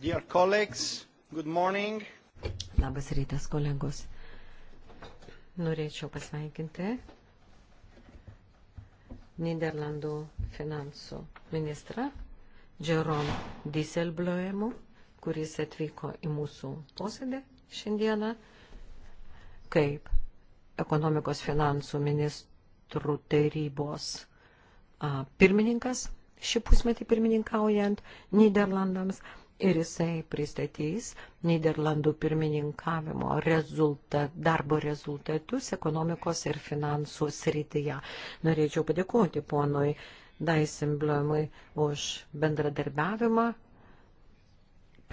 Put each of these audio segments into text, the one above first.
Dear colleagues, good morning. Labas rytas, kolegos. Norėčiau pasveikinti Niderlandų finansų ministrą Jerome Dieselbloemu, kuris atvyko į mūsų posėdį šiandieną kaip ekonomikos finansų ministrų tarybos pirmininkas šį pusmetį pirmininkaujant Niderlandams ir jisai pristatys Niderlandų pirmininkavimo rezultat, darbo rezultatus ekonomikos ir finansų srityje. Norėčiau padėkoti ponui Daisimbliomui už bendradarbiavimą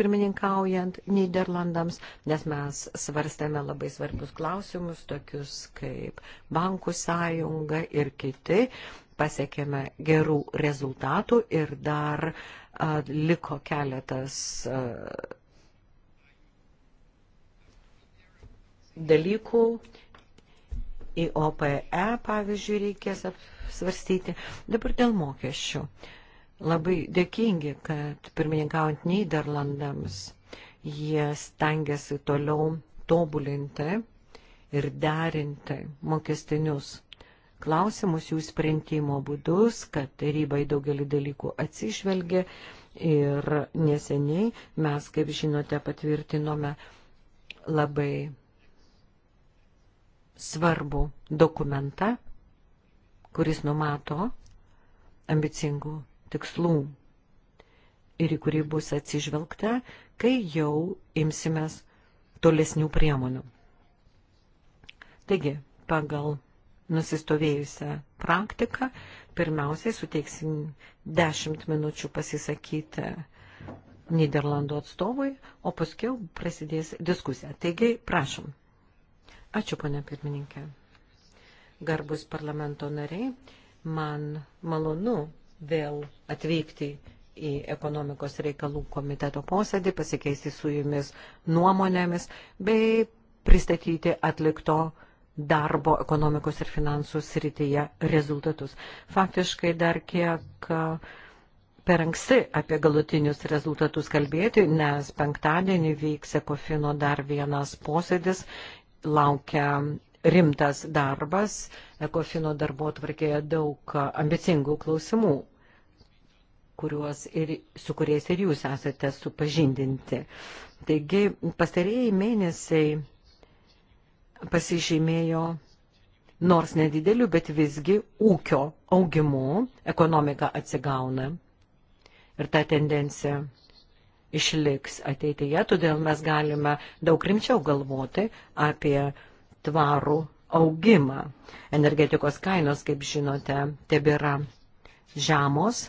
pirmininkaujant Niderlandams, nes mes svarstėme labai svarbius klausimus, tokius kaip bankų sąjunga ir kiti pasiekėme gerų rezultatų ir dar a, liko keletas a, dalykų. Į OPE, pavyzdžiui, reikės apsvarstyti. Dabar dėl mokesčių. Labai dėkingi, kad pirmininkaujant Niderlandams jie stengiasi toliau tobulinti ir derinti mokestinius klausimus jų sprendimo būdus, kad tarybai daugelį dalykų atsižvelgia ir neseniai mes, kaip žinote, patvirtinome labai svarbų dokumentą, kuris numato ambicingų tikslų ir į kurį bus atsižvelgta, kai jau imsimės tolesnių priemonių. Taigi, pagal nusistovėjusią praktiką. Pirmiausiai suteiksim 10 minučių pasisakyti Niderlandų atstovui, o paskui prasidės diskusija. Taigi, prašom. Ačiū, ponia pirmininkė. Garbus parlamento nariai, man malonu vėl atvykti į ekonomikos reikalų komiteto posėdį, pasikeisti su jumis nuomonėmis bei pristatyti atlikto uh, darbo ekonomikos ir finansų srityje rezultatus. Faktiškai dar kiek e, per anksti apie galutinius rezultatus kalbėti, nes penktadienį vyks Ekofino dar vienas posėdis, laukia rimtas darbas, Ekofino darbo atvarkėje daug ambicingų klausimų kuriuos ir, su kuriais ir jūs esate supažindinti. Taigi, pastarėjai mėnesiai pasižymėjo nors nedideliu, bet visgi ūkio augimu, ekonomika atsigauna ir ta tendencija išliks ateityje, todėl mes galime daug rimčiau galvoti apie tvarų augimą. Energetikos kainos, kaip žinote, tebėra žemos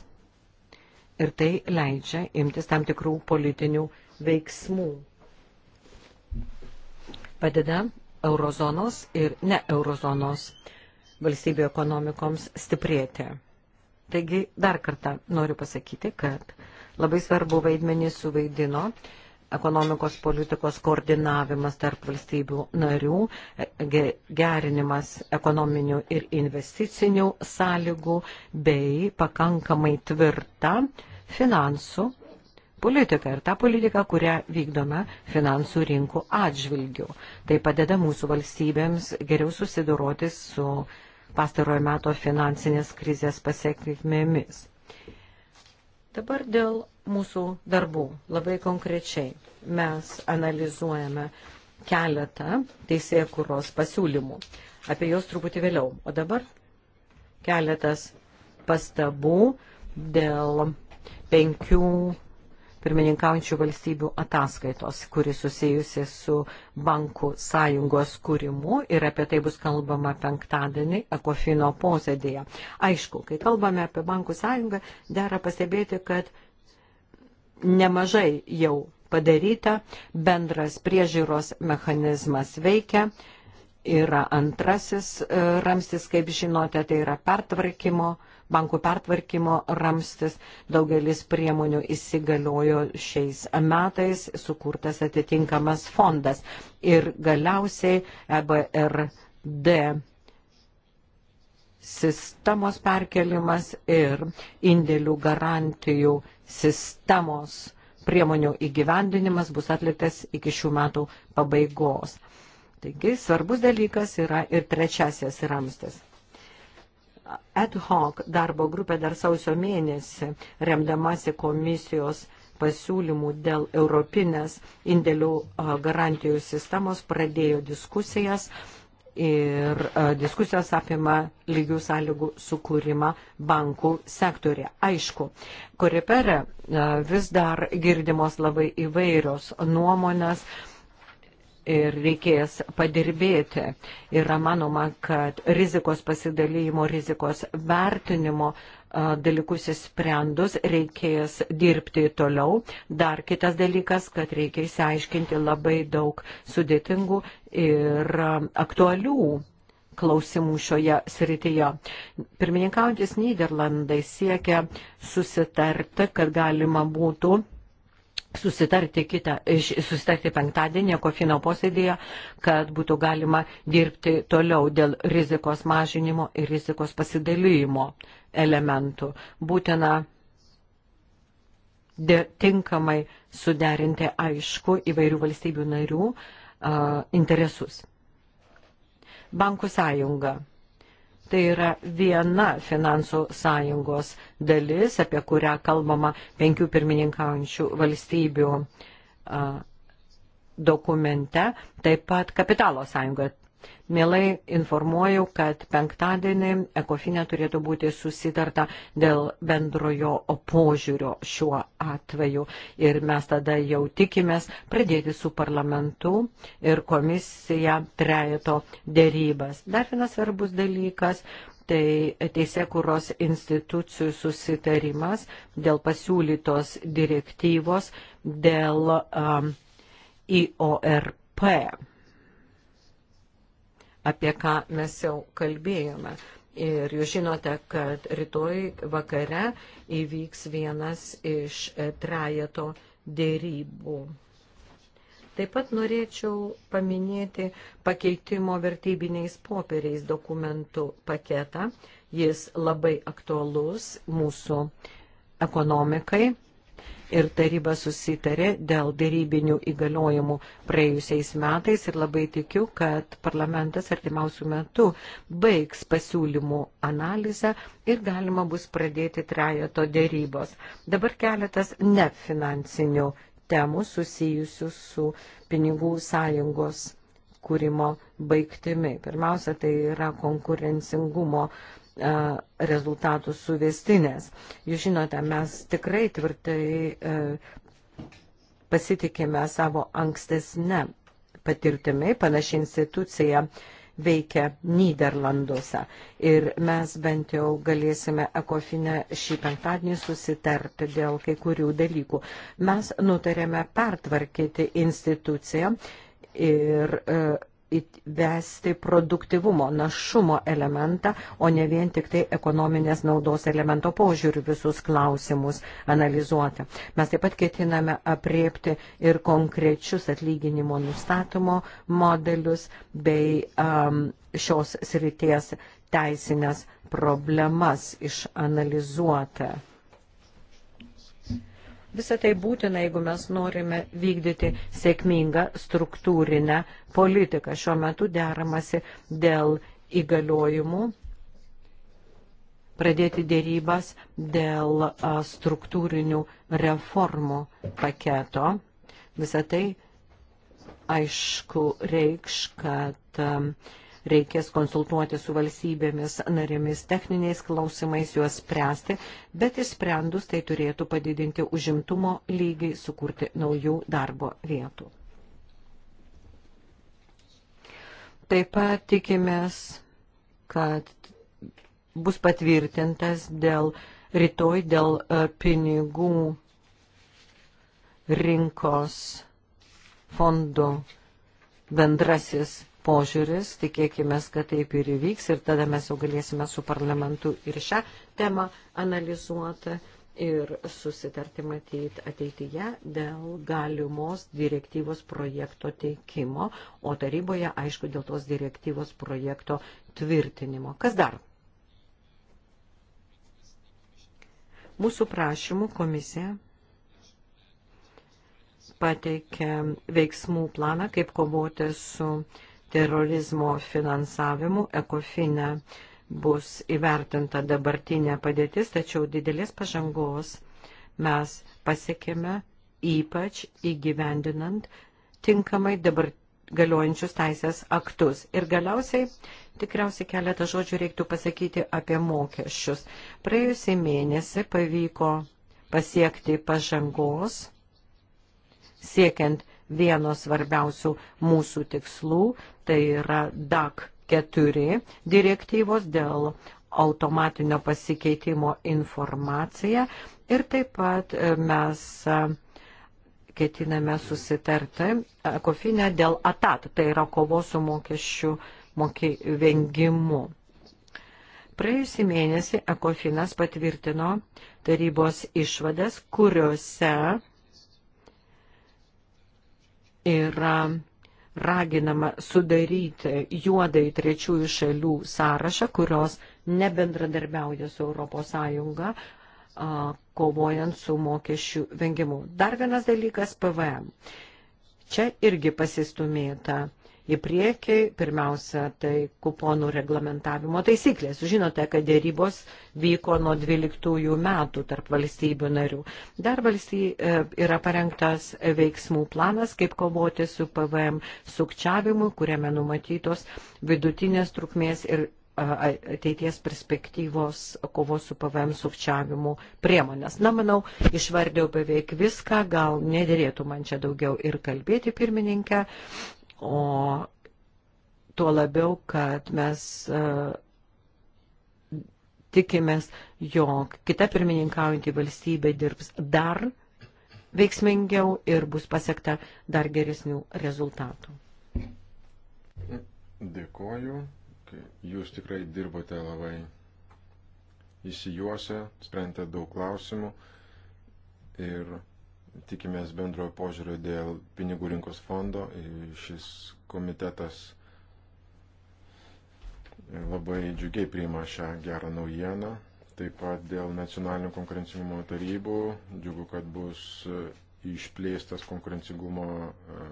ir tai leidžia imtis tam tikrų politinių veiksmų. Padeda eurozonos ir ne eurozonos valstybių ekonomikoms stiprėti. Taigi dar kartą noriu pasakyti, kad labai svarbu vaidmenį suvaidino ekonomikos politikos koordinavimas tarp valstybių narių, gerinimas ekonominių ir investicinių sąlygų bei pakankamai tvirta finansų politiką ir tą politiką, kurią vykdome finansų rinkų atžvilgių. Tai padeda mūsų valstybėms geriau susidoroti su pastarojo meto finansinės krizės pasiekmėmis. Dabar dėl mūsų darbų labai konkrečiai mes analizuojame keletą teisėkuros pasiūlymų. Apie juos truputį vėliau. O dabar keletas pastabų dėl penkių pirmininkaujančių valstybių ataskaitos, kuri susijusi su bankų sąjungos kūrimu ir apie tai bus kalbama penktadienį Ekofino posėdėje. Aišku, kai kalbame apie bankų sąjungą, dera pastebėti, kad nemažai jau padaryta, bendras priežiūros mechanizmas veikia. Yra antrasis e, ramstis, kaip žinote, tai yra pertvarkymo uh, bankų pertvarkymo ramstis, daugelis priemonių įsigaliojo šiais metais, sukurtas atitinkamas fondas. Ir galiausiai EBRD sistemos perkelimas ir indėlių garantijų sistemos priemonių įgyvendinimas bus atliktas iki šių metų pabaigos. Taigi svarbus dalykas yra ir trečiasis ramstis ad hoc darbo grupė dar sausio mėnesį, remdamasi komisijos pasiūlymų dėl Europinės indėlių garantijų sistemos, pradėjo diskusijas ir diskusijos apima lygių sąlygų sukūrimą bankų sektorė. Aišku, korepere vis dar girdimos labai įvairios nuomonės, ir reikės padirbėti. Yra manoma, kad rizikos pasidalymo, rizikos vertinimo dalykus įsprendus reikės dirbti toliau. Dar kitas dalykas, kad reikia įsiaiškinti labai daug sudėtingų ir aktualių klausimų šioje srityje. Pirmininkaujantis Niderlandai siekia susitarti, kad galima būtų susitarti, kitą, susitarti penktadienį kofino posėdėje, kad būtų galima dirbti toliau dėl rizikos mažinimo ir rizikos pasidalymo elementų. Būtina tinkamai suderinti aišku įvairių valstybių narių a, interesus. Bankų sąjunga Tai yra viena finansų sąjungos dalis, apie kurią kalbama penkių pirmininkaujančių valstybių dokumente, taip pat kapitalo sąjungoje Mielai informuoju, kad penktadienį ekofinė turėtų būti susitarta dėl bendrojo požiūrio šiuo atveju. Ir mes tada jau tikimės pradėti su parlamentu ir komisija trejeto dėrybas. Dar vienas svarbus dalykas. Tai teisėkuros institucijų susitarimas dėl pasiūlytos direktyvos dėl um, IORP apie ką mes jau kalbėjome. Ir jūs žinote, kad rytoj vakare įvyks vienas iš e, trajeto dėrybų. Taip pat norėčiau paminėti pakeitimo vertybiniais popieriais dokumentų paketą. Jis labai aktualus mūsų ekonomikai ir taryba susitarė dėl dėrybinių įgaliojimų praėjusiais metais ir labai tikiu, kad parlamentas artimiausių metų baigs pasiūlymų analizę ir galima bus pradėti trajeto dėrybos. Dabar keletas nefinansinių temų susijusių su pinigų sąjungos kūrimo baigtimi. Pirmiausia, tai yra konkurencingumo E, rezultatų suvestinės. Jūs žinote, mes tikrai tvirtai e, pasitikime savo ankstesnę patirtimai, panaši institucija veikia Niderlanduose. Ir mes bent jau galėsime ekofinę šį penktadienį susitarti dėl kai kurių dalykų. Mes nutarėme pertvarkyti instituciją ir e, įvesti produktivumo, našumo elementą, o ne vien tik tai ekonominės naudos elemento požiūrių visus klausimus analizuoti. Mes taip pat ketiname apriepti ir konkrečius atlyginimo nustatymo modelius bei um, šios srities teisinės problemas išanalizuoti Visą tai būtina, jeigu mes norime vykdyti sėkmingą struktūrinę politiką. Šiuo metu deramasi dėl įgaliojimų pradėti dėrybas dėl struktūrinių reformų paketo. Visą tai aišku reikš, kad reikės konsultuoti su valstybėmis narėmis techniniais klausimais, juos spręsti, bet įsprendus tai turėtų padidinti užimtumo lygį, sukurti naujų darbo vietų. Taip pat tikimės, kad bus patvirtintas dėl rytoj dėl e, pinigų rinkos fondų bendrasis požiūris, tikėkime, kad taip ir įvyks ir tada mes jau galėsime su parlamentu ir šią temą analizuoti ir susitarti matyti ateityje dėl galimos direktyvos projekto teikimo, o taryboje, aišku, dėl tos direktyvos projekto tvirtinimo. Kas dar? Mūsų prašymų komisija pateikė veiksmų planą, kaip kovoti su uh, terorizmo finansavimu ekofine bus įvertinta dabartinė padėtis, tačiau didelės pažangos mes pasiekėme ypač įgyvendinant tinkamai dabar galiojančius teisės aktus. Ir galiausiai tikriausiai keletą žodžių reiktų pasakyti apie mokesčius. Praėjusį mėnesį pavyko pasiekti pažangos, siekiant vieno svarbiausių mūsų tikslų, tai yra DAC 4 direktyvos dėl automatinio pasikeitimo informacija ir taip pat e, mes e, ketiname susitarti e, kofinę dėl atat, tai yra kovos su mokesčių mokė, vengimu. Praėjusį mėnesį Ekofinas patvirtino tarybos išvadas, kuriuose yra raginama sudaryti juodai trečiųjų šalių sąrašą, kurios nebendradarbiauja su ES, kovojant su mokesčių vengimu. Dar vienas dalykas - PVM. Čia irgi pasistumėta į priekį. Pirmiausia, tai kuponų reglamentavimo taisyklės. Žinote, kad dėrybos vyko nuo 12 metų tarp valstybių narių. Dar valstybių e, yra parengtas veiksmų planas, kaip kovoti su PVM sukčiavimu, kuriame numatytos vidutinės trukmės ir ateities perspektyvos kovos su PVM sukčiavimu priemonės. Na, manau, išvardėjau beveik viską, gal nedėlėtų man čia daugiau ir kalbėti pirmininkę. O tuo labiau, kad mes e, tikimės, jog kita pirmininkaujantį valstybė dirbs dar veiksmingiau ir bus pasiekta dar geresnių rezultatų. Dėkoju. Jūs tikrai dirbote labai įsijuose, sprendėte daug klausimų ir tikimės bendrojo požiūrio dėl pinigų rinkos fondo. Šis komitetas labai džiugiai priima šią gerą naujieną. Taip pat dėl nacionalinio konkurencingumo tarybų džiugu, kad bus išplėstas konkurencingumo e,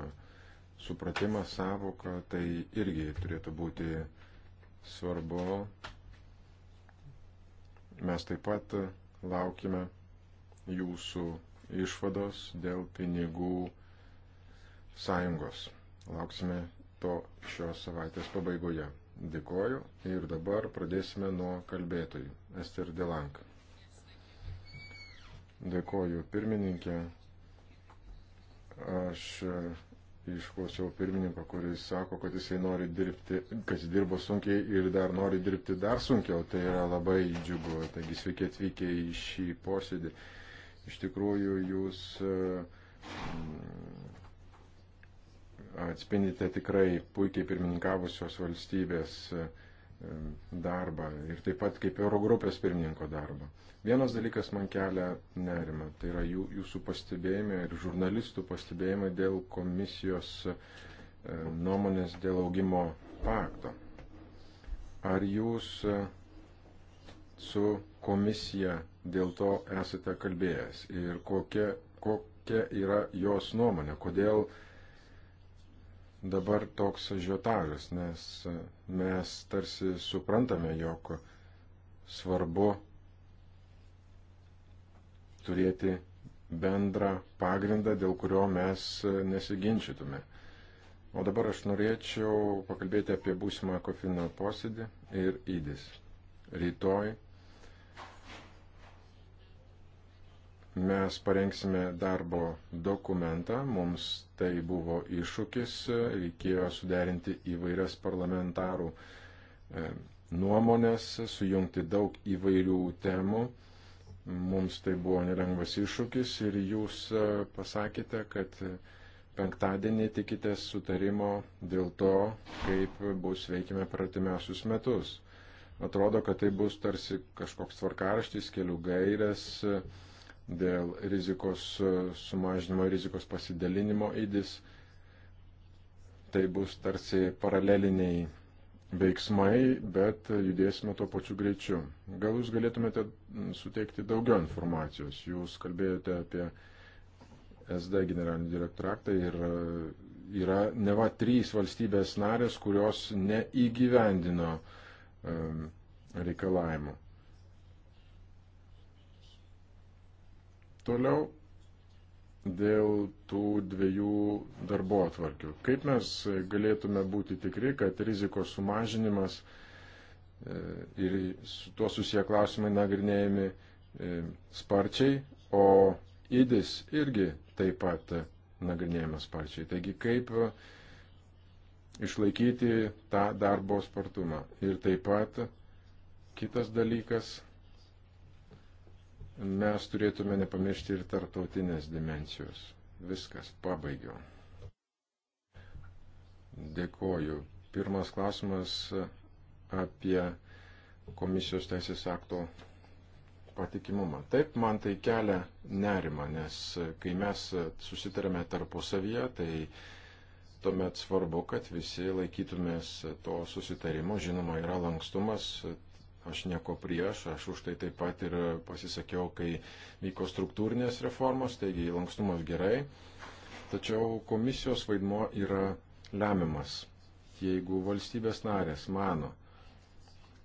supratimas savoka, tai irgi turėtų būti svarbu. Mes taip pat laukime jūsų išvados dėl pinigų sąjungos. Lauksime to šios savaitės pabaigoje. Dėkoju ir dabar pradėsime nuo kalbėtojų. Ester Delank. Dėkoju pirmininkė. Aš išklausiau pirmininko, kuris sako, kad jisai nori dirbti, kad jis dirbo sunkiai ir dar nori dirbti dar sunkiau. Tai yra labai džiugu. Taigi sveiki atvykę į šį posėdį. Uh, Iš tikrųjų, jūs e, mm, atspindite tikrai puikiai pirmininkavusios valstybės e, darbą ir taip pat kaip Eurogrupės pirmininko darbą. Vienas dalykas man kelia nerimą, tai yra jų, jūsų pastebėjimai ir žurnalistų pastebėjimai dėl komisijos e, nuomonės dėl augimo pakto. Ar jūs su komisija dėl to esate kalbėjęs ir kokia, kokia yra jos nuomonė, kodėl dabar toks žiotažas, nes mes tarsi suprantame, jog svarbu turėti bendrą pagrindą, dėl kurio mes nesiginčytume. O dabar aš norėčiau pakalbėti apie būsimą kofino posėdį ir įdis. Rytoj Mes parengsime darbo dokumentą, mums tai buvo iššūkis, reikėjo suderinti įvairias parlamentarų e, nuomonės, sujungti daug įvairių temų. Mums tai buvo nelengvas iššūkis ir jūs e, pasakėte, kad penktadienį tikitės sutarimo dėl to, kaip bus veikime per artimiausius metus. Atrodo, kad tai bus tarsi kažkoks tvarkaraštis, kelių gairės, dėl rizikos e, sumažinimo, rizikos pasidalinimo įdis. Tai bus tarsi paraleliniai veiksmai, bet judėsime tuo pačiu greičiu. Gal jūs galėtumėte suteikti daugiau informacijos? Jūs kalbėjote apie SD generalinį direktoraktą ir e, yra neva trys valstybės narės, kurios neįgyvendino e, reikalavimų. Toliau dėl tų dviejų darbo atvarkių. Kaip mes galėtume būti tikri, kad rizikos sumažinimas e, ir su tuo susiję klausimai nagrinėjami e, sparčiai, o įdis irgi taip pat nagrinėjamas sparčiai. Taigi kaip išlaikyti tą darbo spartumą. Ir taip pat kitas dalykas mes turėtume nepamiršti ir tartautinės dimensijos. Viskas, pabaigiau. Dėkoju. Pirmas klausimas apie komisijos teisės akto patikimumą. Taip, man tai kelia nerima, nes kai mes susitarėme tarpusavyje, tai tuomet svarbu, kad visi laikytumės to susitarimo. Žinoma, yra lankstumas, aš nieko prieš, aš už tai taip pat ir pasisakiau, kai vyko struktūrinės reformos, taigi lankstumas gerai, tačiau komisijos vaidmo yra lemiamas. Jeigu valstybės narės mano,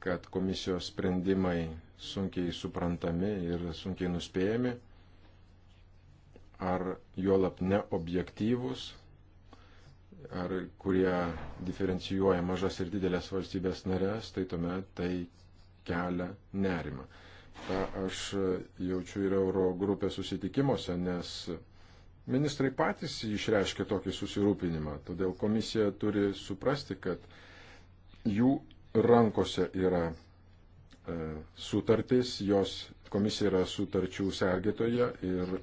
kad komisijos sprendimai sunkiai suprantami ir sunkiai nuspėjami, ar juolap neobjektyvus, ar kurie diferencijuoja mažas ir didelės valstybės narės, tai tuomet tai kelia nerimą. Ta aš jaučiu ir euro grupės susitikimuose, nes ministrai patys išreiškia tokį susirūpinimą. Todėl komisija turi suprasti, kad jų rankose yra e, sutartys, jos komisija yra sutarčių sergėtoje ir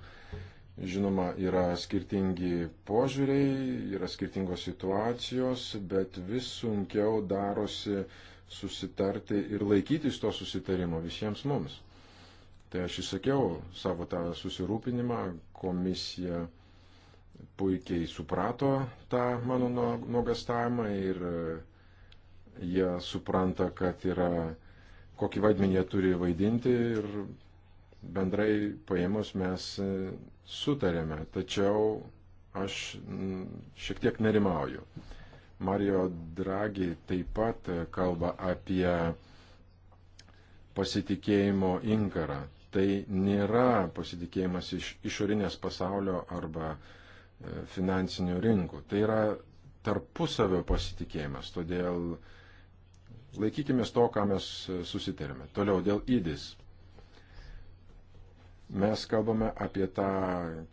žinoma yra skirtingi požiūriai, yra skirtingos situacijos, bet vis sunkiau darosi susitarti ir laikytis to susitarimo visiems mums. Tai aš įsakiau savo tą susirūpinimą, komisija puikiai suprato tą mano nuogastavimą ir e, jie supranta, kad yra, kokį vaidmenį jie turi vaidinti ir bendrai paėmus mes e, sutarėme. Tačiau aš šiek tiek nerimauju. Mario Draghi taip pat kalba apie pasitikėjimo inkarą. Tai nėra pasitikėjimas iš išorinės pasaulio arba e, finansinių rinkų. Tai yra tarpusavio pasitikėjimas. Todėl laikykime to, ką mes e, susitarėme. Toliau dėl įdis. Mes kalbame apie tą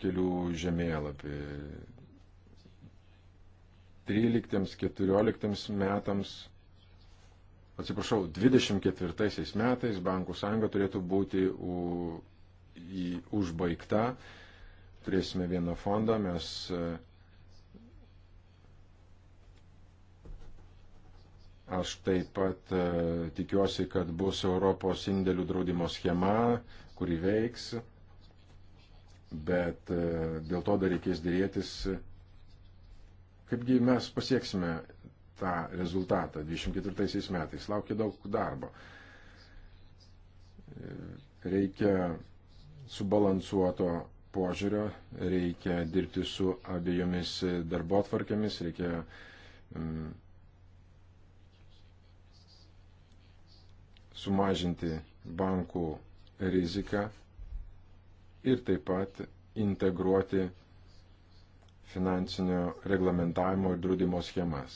kelių žemėlapį 13-14 metams, atsiprašau, 24 metais bankų sąjunga turėtų būti u, į, užbaigta. Turėsime vieną fondą, mes e, Aš taip pat e, tikiuosi, kad bus Europos indėlių draudimo schema, kuri veiks, bet e, dėl to dar reikės dėrėtis Kaipgi mes pasieksime tą rezultatą 24 metais? Laukia daug darbo. Reikia subalansuoto požiūrio, reikia dirbti su abiejomis darbo atvarkėmis, reikia mm, sumažinti bankų riziką ir taip pat integruoti finansinio reglamentavimo ir draudimo schemas.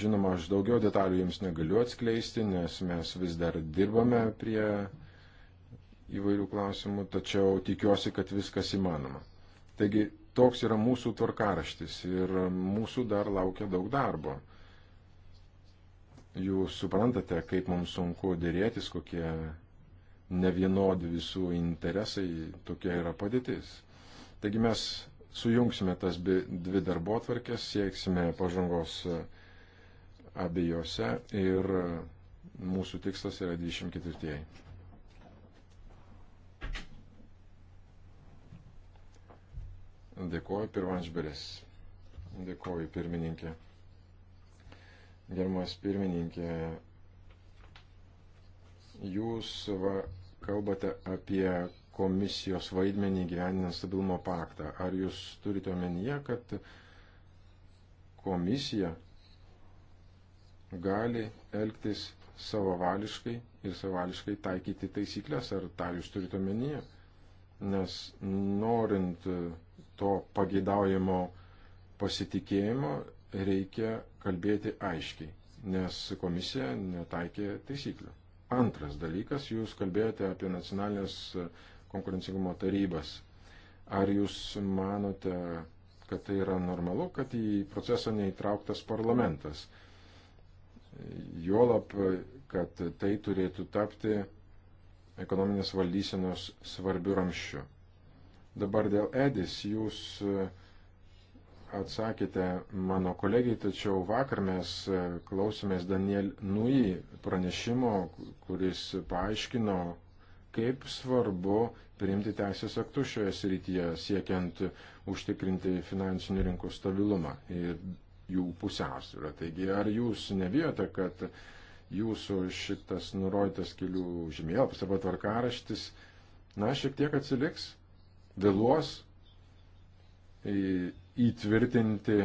Žinoma, aš daugiau detalių jums negaliu atskleisti, nes mes vis dar dirbame prie įvairių klausimų, tačiau tikiuosi, kad viskas įmanoma. Taigi, toks yra mūsų tvarkaraštis ir mūsų dar laukia daug darbo. Jūs suprantate, kaip mums sunku dėrėtis, kokie nevienodi visų interesai, tokia yra padėtis. Taigi mes sujungsime tas dvi darbo atvarkės, sieksime pažangos e, abiejose ir e, mūsų tikslas yra 24. Dėkuoju pirmanžberės. Dėkuoju pirmininkė. Germas pirmininkė, jūs va, kalbate apie komisijos vaidmenį gyveninant stabilumo paktą. Ar jūs turite omenyje, kad komisija gali elgtis savavališkai ir savališkai taikyti taisyklės, ar tą jūs turite omenyje? Nes norint to pageidaujamo pasitikėjimo reikia kalbėti aiškiai, nes komisija netaikė taisyklių. Antras dalykas, jūs kalbėjote apie nacionalinės konkurencingumo tarybas. Ar jūs manote, kad tai yra normalu, kad į procesą neįtrauktas parlamentas? Juolab, kad tai turėtų tapti ekonominės valdysenos svarbių ramščių. Dabar dėl Edis jūs e, atsakėte mano kolegijai, tačiau vakar mes e, klausėmės Daniel Nui pranešimo, kuris paaiškino, kaip svarbu priimti teisės aktus šioje srityje, siekiant užtikrinti finansinių rinkų stabilumą ir jų pusiausvyrą. Taigi, ar jūs nebijote, kad jūsų šitas nurodytas kelių žemėlapis arba tvarkaraštis, na, šiek tiek atsiliks, vėluos įtvirtinti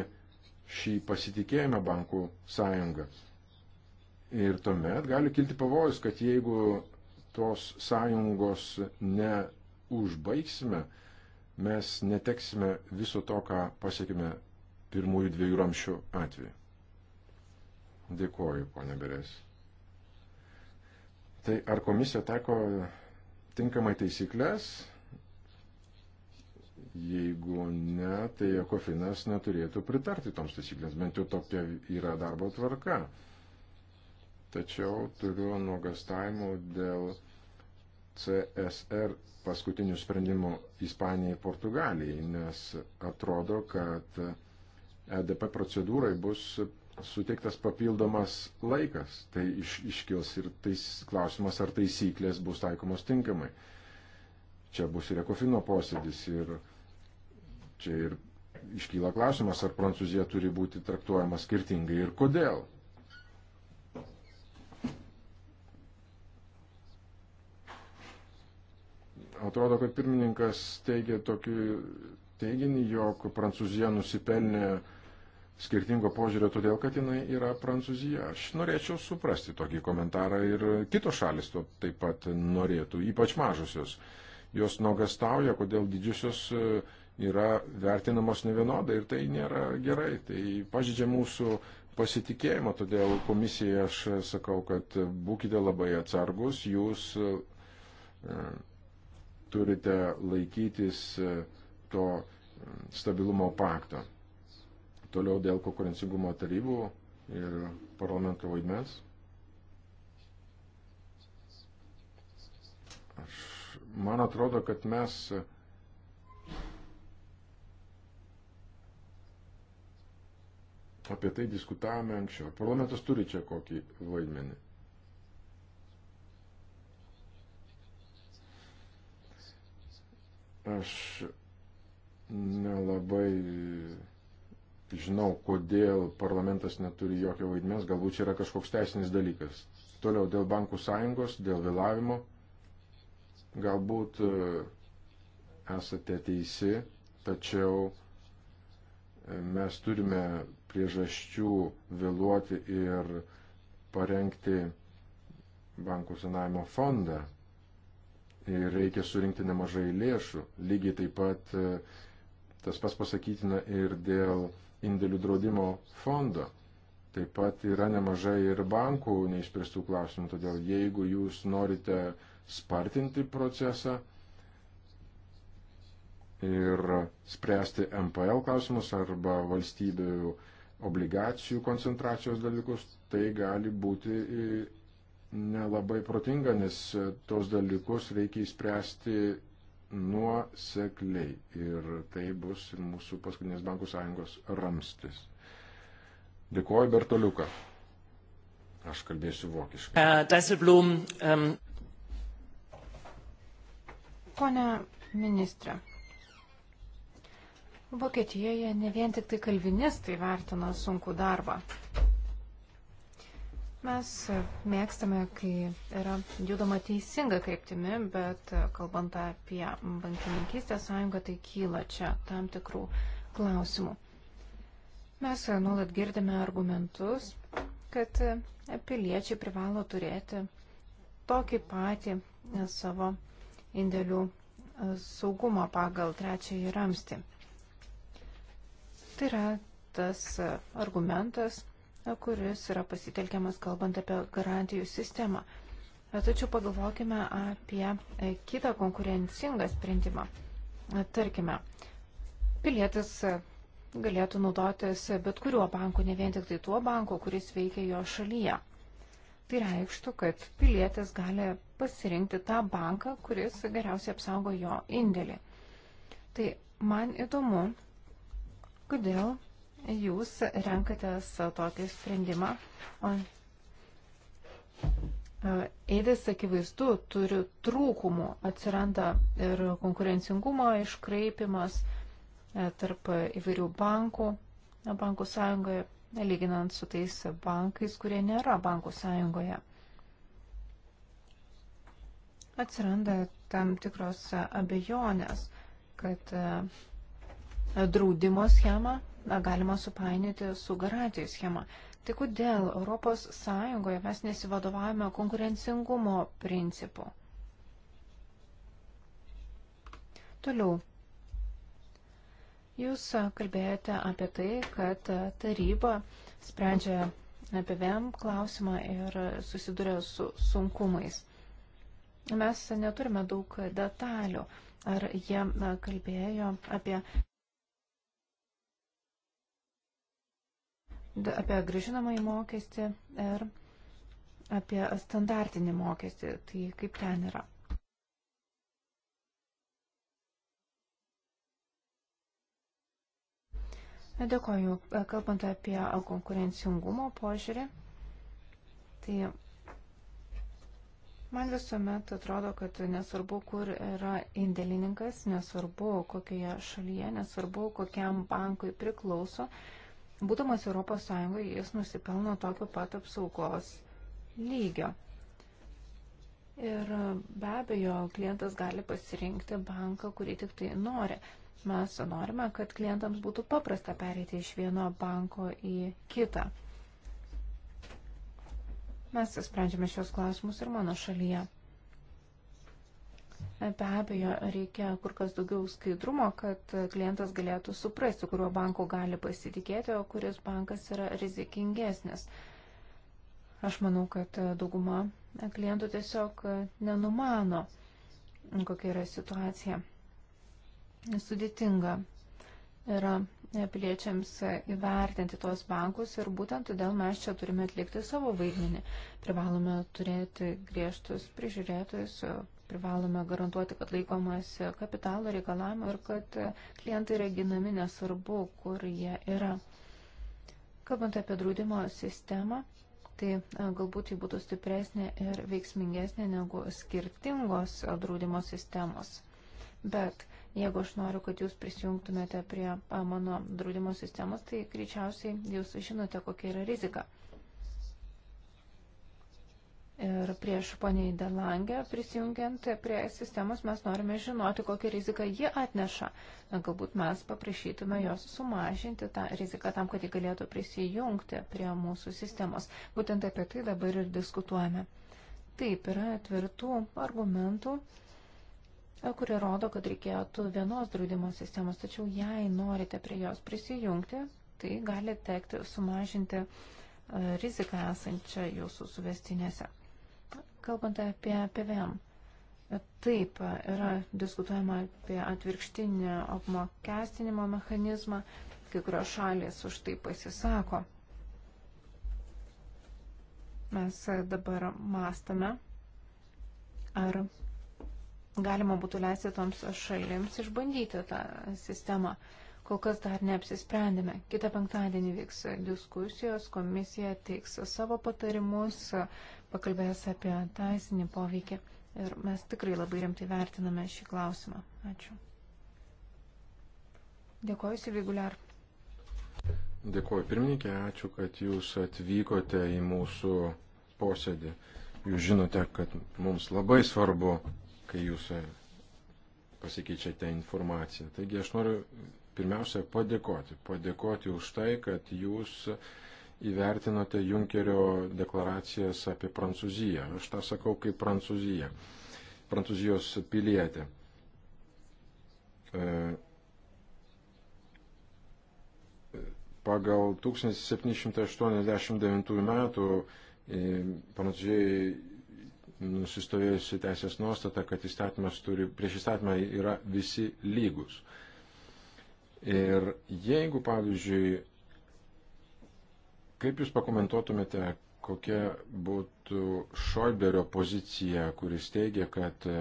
šį pasitikėjimą bankų sąjungą. Ir tuomet gali kilti pavojus, kad jeigu tos sąjungos neužbaigsime, mes neteksime viso to, ką pasiekime pirmųjų dviejų ramščių atveju. Dėkuoju, ponė Berės. Tai ar komisija taiko tinkamai taisyklės? Jeigu ne, tai ekofinas neturėtų pritarti toms taisyklėms, bent jau tokia yra darbo tvarka tačiau turiu nuogastavimų dėl CSR paskutinių sprendimų Ispanijai ir Portugalijai, nes atrodo, kad EDP procedūrai bus suteiktas papildomas laikas. Tai iš, iškils ir tais, klausimas, ar taisyklės bus taikomos tinkamai. Čia bus ir ekofino posėdis ir čia ir iškyla klausimas, ar Prancūzija turi būti traktuojama skirtingai ir kodėl. Atrodo, kad pirmininkas teigia tokį teiginį, jog Prancūzija nusipelnė skirtingo požiūrio todėl, kad jinai yra Prancūzija. Aš norėčiau suprasti tokį komentarą ir kitos šalis to taip pat norėtų, ypač mažusios. Jos nuogastauja, kodėl didžiosios e, yra vertinamos nevienodai ir tai nėra gerai. Tai pažydžia mūsų pasitikėjimą, todėl komisijai aš sakau, kad būkite labai atsargus, jūs e, turite laikytis e, to mm, stabilumo pakto. Toliau dėl konkurencingumo tarybų ir parlamento vaidmens. Aš, man atrodo, kad mes e, apie tai diskutavome anksčiau. Parlamentas turi čia kokį vaidmenį. Aš nelabai žinau, kodėl parlamentas neturi jokio vaidmens, galbūt čia yra kažkoks teisinis dalykas. Toliau dėl bankų sąjungos, dėl vėlavimo. Galbūt e, esate teisi, tačiau e, mes turime priežasčių vėluoti ir parengti bankų sanavimo fondą ir reikia surinkti nemažai lėšų. Lygiai taip pat e, tas pas pasakytina ir dėl indėlių draudimo fondo. Taip pat yra nemažai ir bankų neišspręstų klausimų, todėl jeigu jūs norite spartinti procesą ir spręsti MPL klausimus arba valstybių obligacijų koncentracijos dalykus, tai gali būti nelabai protinga, nes e, tos dalykus reikia įspręsti nuosekliai. Ir tai bus ir mūsų paskutinės bankų sąjungos ramstis. Dėkuoju, Bertoliuka. Aš kalbėsiu vokiškai. Daiselblum. Um... Ähm, Pone ministrė, Vokietijoje ne vien tik tai kalvinistai vertina sunkų darbą. Mes mėgstame, kai yra judama teisinga kryptimi, bet kalbant apie bankininkystės sąjungą, tai kyla čia tam tikrų klausimų. Mes nuolat girdime argumentus, kad piliečiai privalo turėti tokį patį savo indėlių saugumą pagal trečiąjį ramstį. Tai yra tas argumentas, kuris yra pasitelkiamas kalbant apie garantijų sistemą. Tačiau pagalvokime apie e, kitą konkurencingą sprendimą. E, tarkime, pilietis e, galėtų naudotis bet kuriuo banku, ne vien tik tai tuo banku, kuris veikia jo šalyje. Tai reikštų, kad pilietis gali pasirinkti tą banką, kuris geriausiai apsaugo jo indėlį. Tai man įdomu, kodėl jūs renkatės tokį sprendimą. E, Eidės akivaizdu turi trūkumų, atsiranda ir konkurencingumo iškraipimas e, tarp įvairių bankų, bankų sąjungoje, lyginant su tais bankais, kurie nėra bankų sąjungoje. Atsiranda tam tikros abejonės, kad e, draudimo schema galima supainioti su garantijų schema. Tai kodėl ES mes nesivadovavome konkurencingumo principu? Toliau. Jūs kalbėjote apie tai, kad taryba sprendžia apie VM klausimą ir susiduria su sunkumais. Mes neturime daug detalių. Ar jie kalbėjo apie apie gražinamąjį mokestį ir apie standartinį mokestį. Tai kaip ten yra? Dėkoju. Kalbant apie konkurencingumo požiūrį, tai man visuomet atrodo, kad nesvarbu, kur yra indėlininkas, nesvarbu, kokioje šalyje, nesvarbu, kokiam bankui priklauso, Būdamas ES jis nusipelno tokio pat apsaugos lygio. Ir be abejo, klientas gali pasirinkti banką, kurį tik tai nori. Mes norime, kad klientams būtų paprasta pereiti iš vieno banko į kitą. Mes sprendžiame šios klausimus ir mano šalyje. Be abejo, reikia kur kas daugiau skaidrumo, kad klientas galėtų suprasti, kuriuo banku gali pasitikėti, o kuris bankas yra rizikingesnis. Aš manau, kad dauguma klientų tiesiog nenumano, kokia yra situacija. Sudėtinga yra piliečiams įvertinti tuos bankus ir būtent todėl mes čia turime atlikti savo vaidmenį. Privalome turėti griežtus prižiūrėtojus, privalome garantuoti, kad laikomas kapitalo reikalavimo ir kad klientai yra ginami nesvarbu, kur jie yra. Kalbant apie draudimo sistemą, tai galbūt ji būtų stipresnė ir veiksmingesnė negu skirtingos draudimo sistemos. Bet Jeigu aš noriu, kad jūs prisijungtumėte prie mano draudimo sistemos, tai greičiausiai jūs žinote, kokia yra rizika. Ir prieš poniai Delangę prisijungiant prie sistemos mes norime žinoti, kokią riziką ji atneša. Galbūt mes paprašytume jos sumažinti tą riziką tam, kad ji galėtų prisijungti prie mūsų sistemos. Būtent apie tai dabar ir diskutuojame. Taip, yra tvirtų argumentų kuri rodo, kad reikėtų vienos draudimo sistemos, tačiau jei norite prie jos prisijungti, tai gali tekti sumažinti e, riziką esančią jūsų suvestinėse. Kalbant apie PVM, e, taip e, yra diskutuojama apie atvirkštinį apmokestinimo mechanizmą, kai kurios šalės už tai pasisako. Mes dabar mastame, ar galima būtų leisti toms šalims išbandyti tą sistemą. Kol kas dar neapsisprendėme. Kita penktadienį vyks diskusijos, komisija teiks savo patarimus, pakalbės apie teisinį poveikį. Ir mes tikrai labai rimtai vertiname šį klausimą. Ačiū. Dėkoju, Silviguliar. Dėkoju, pirmininkė, ačiū, kad jūs atvykote į mūsų posėdį. Jūs žinote, kad mums labai svarbu kai jūs pasikeičiate informaciją. Taigi aš noriu pirmiausia padėkoti. Padėkoti už tai, kad jūs įvertinote Junkerio deklaracijas apie Prancūziją. Aš tą sakau kaip Prancūzija. Prancūzijos pilietė. E, pagal 1789 metų e, Prancūzijai nusistovėjusi teisės nuostata, kad įstatymas turi, prieš įstatymą yra visi lygus. Ir jeigu, pavyzdžiui, kaip Jūs pakomentuotumėte, kokia būtų Šoiberio pozicija, kuris teigia, kad e,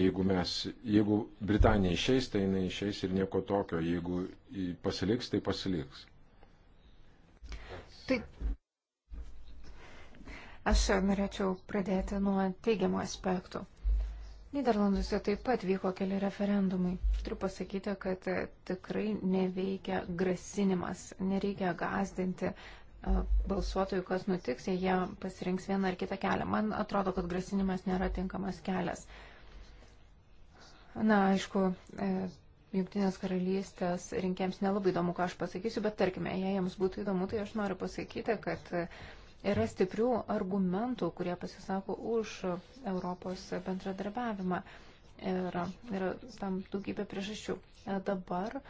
jeigu, mes, jeigu Britanija išeis, tai jinai išeis ir nieko tokio, jeigu pasiliks, tai pasiliks. Tai Aš norėčiau pradėti nuo teigiamų aspektų. Niderlanduose taip pat vyko keli referendumai. Aš turiu pasakyti, kad tikrai neveikia grasinimas, nereikia gazdinti e, balsuotojų, kas nutiks, jei jie pasirinks vieną ar kitą kelią. Man atrodo, kad grasinimas nėra tinkamas kelias. Na, aišku, e, Junktinės karalystės rinkėjams nelabai įdomu, ką aš pasakysiu, bet tarkime, jei jiems būtų įdomu, tai aš noriu pasakyti, kad yra stiprių argumentų, kurie pasisako už Europos bendradarbiavimą. Ir yra tam daugybė priežasčių. E, dabar e,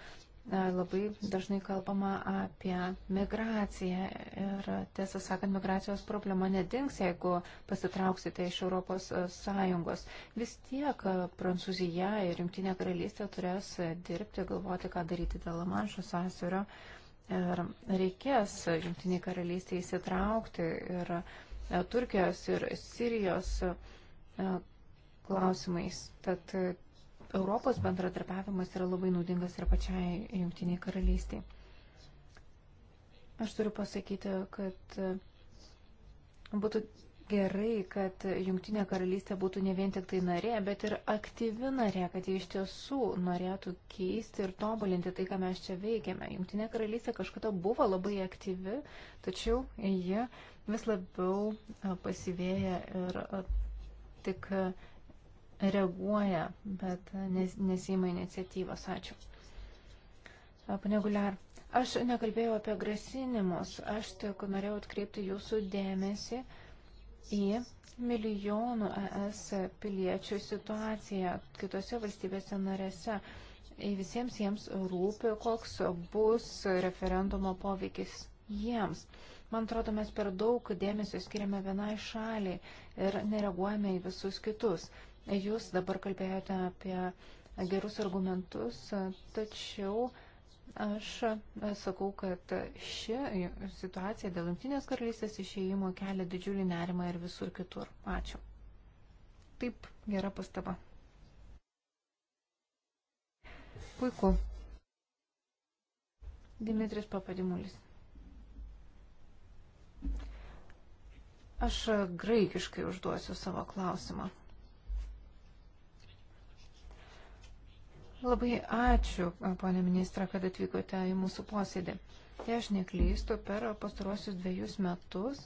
labai dažnai kalbama apie migraciją. Ir tiesą sakant, migracijos problema nedings, jeigu pasitrauksite iš Europos e, Sąjungos. Vis tiek Prancūzija ir Junktinė karalystė turės dirbti, galvoti, ką daryti dėl Lamanšo sąsiurio. Uh, Ir reikės Junktiniai karalystė įsitraukti ir e, Turkijos ir Sirijos e, klausimais. Tad e, Europos bendradarbiavimas yra labai naudingas ir pačiai Junktiniai karalystiai. Aš turiu pasakyti, kad būtų gerai, kad Junktinė karalystė būtų ne vien tik tai narė, bet ir aktyvi narė, kad jie iš tiesų norėtų keisti ir tobulinti tai, ką mes čia veikiame. Junktinė karalystė kažkada buvo labai aktyvi, tačiau ji vis labiau pasivėja ir tik reaguoja, bet nes, nesima iniciatyvos. Ačiū. Pane Guliar, aš nekalbėjau apie grasinimus, aš tik norėjau atkreipti jūsų dėmesį į milijonų ES piliečių situaciją kitose valstybėse narėse. Visiems jiems rūpi, koks bus referendumo poveikis jiems. Man atrodo, mes per daug dėmesio skiriame vienai šaliai ir nereaguojame į visus kitus. Jūs dabar kalbėjote apie gerus argumentus, tačiau Aš e, sakau, kad ši situacija dėl Junktinės karalystės išėjimo kelia didžiulį nerimą ir visur kitur. Ačiū. Taip, gera pastaba. Puiku. Dimitris Papadimulis. Aš graikiškai užduosiu savo klausimą. Labai ačiū, ponė ministra, kad atvykote į mūsų posėdį. Jei aš neklystu, per pastarosius dviejus metus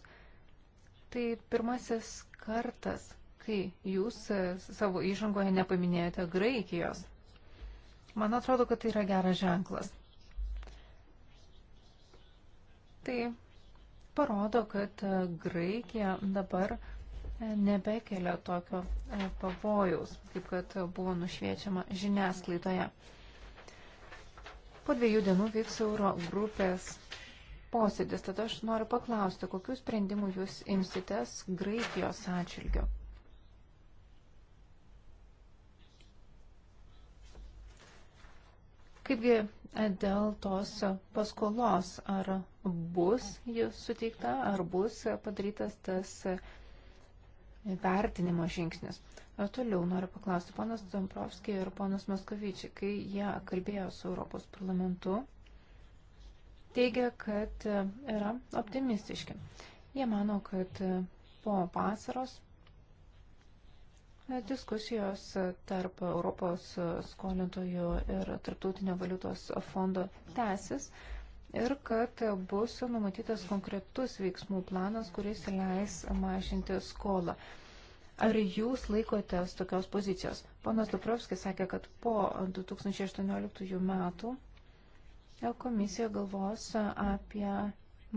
tai pirmasis kartas, kai jūs e, savo įžangoje nepaminėjote Graikijos. Man atrodo, kad tai yra geras ženklas. Tai parodo, kad e, Graikija dabar nebekelia tokio e, pavojaus, kaip kad buvo nušviečiama žiniasklaidoje. Po dviejų dienų vyks euro grupės posėdis, tada aš noriu paklausti, kokius sprendimų jūs imsitės Graikijos atžvilgiu. Kaipgi e, dėl tos paskolos, ar bus jis suteikta, ar bus padarytas tas vertinimo žingsnis. O toliau noriu paklausti ponas Dombrovskį ir ponas Moskovičiai, kai jie kalbėjo su Europos parlamentu, teigia, kad e, yra optimistiški. Jie mano, kad e, po vasaros e, diskusijos tarp Europos skolintojų ir Tarptautinio valiutos fondo tęsis ir kad bus numatytas konkretus veiksmų planas, kuris leis mažinti skolą. Ar jūs laikotės tokios pozicijos? Ponas Dubrovskis sakė, kad po 2018 metų komisija galvos apie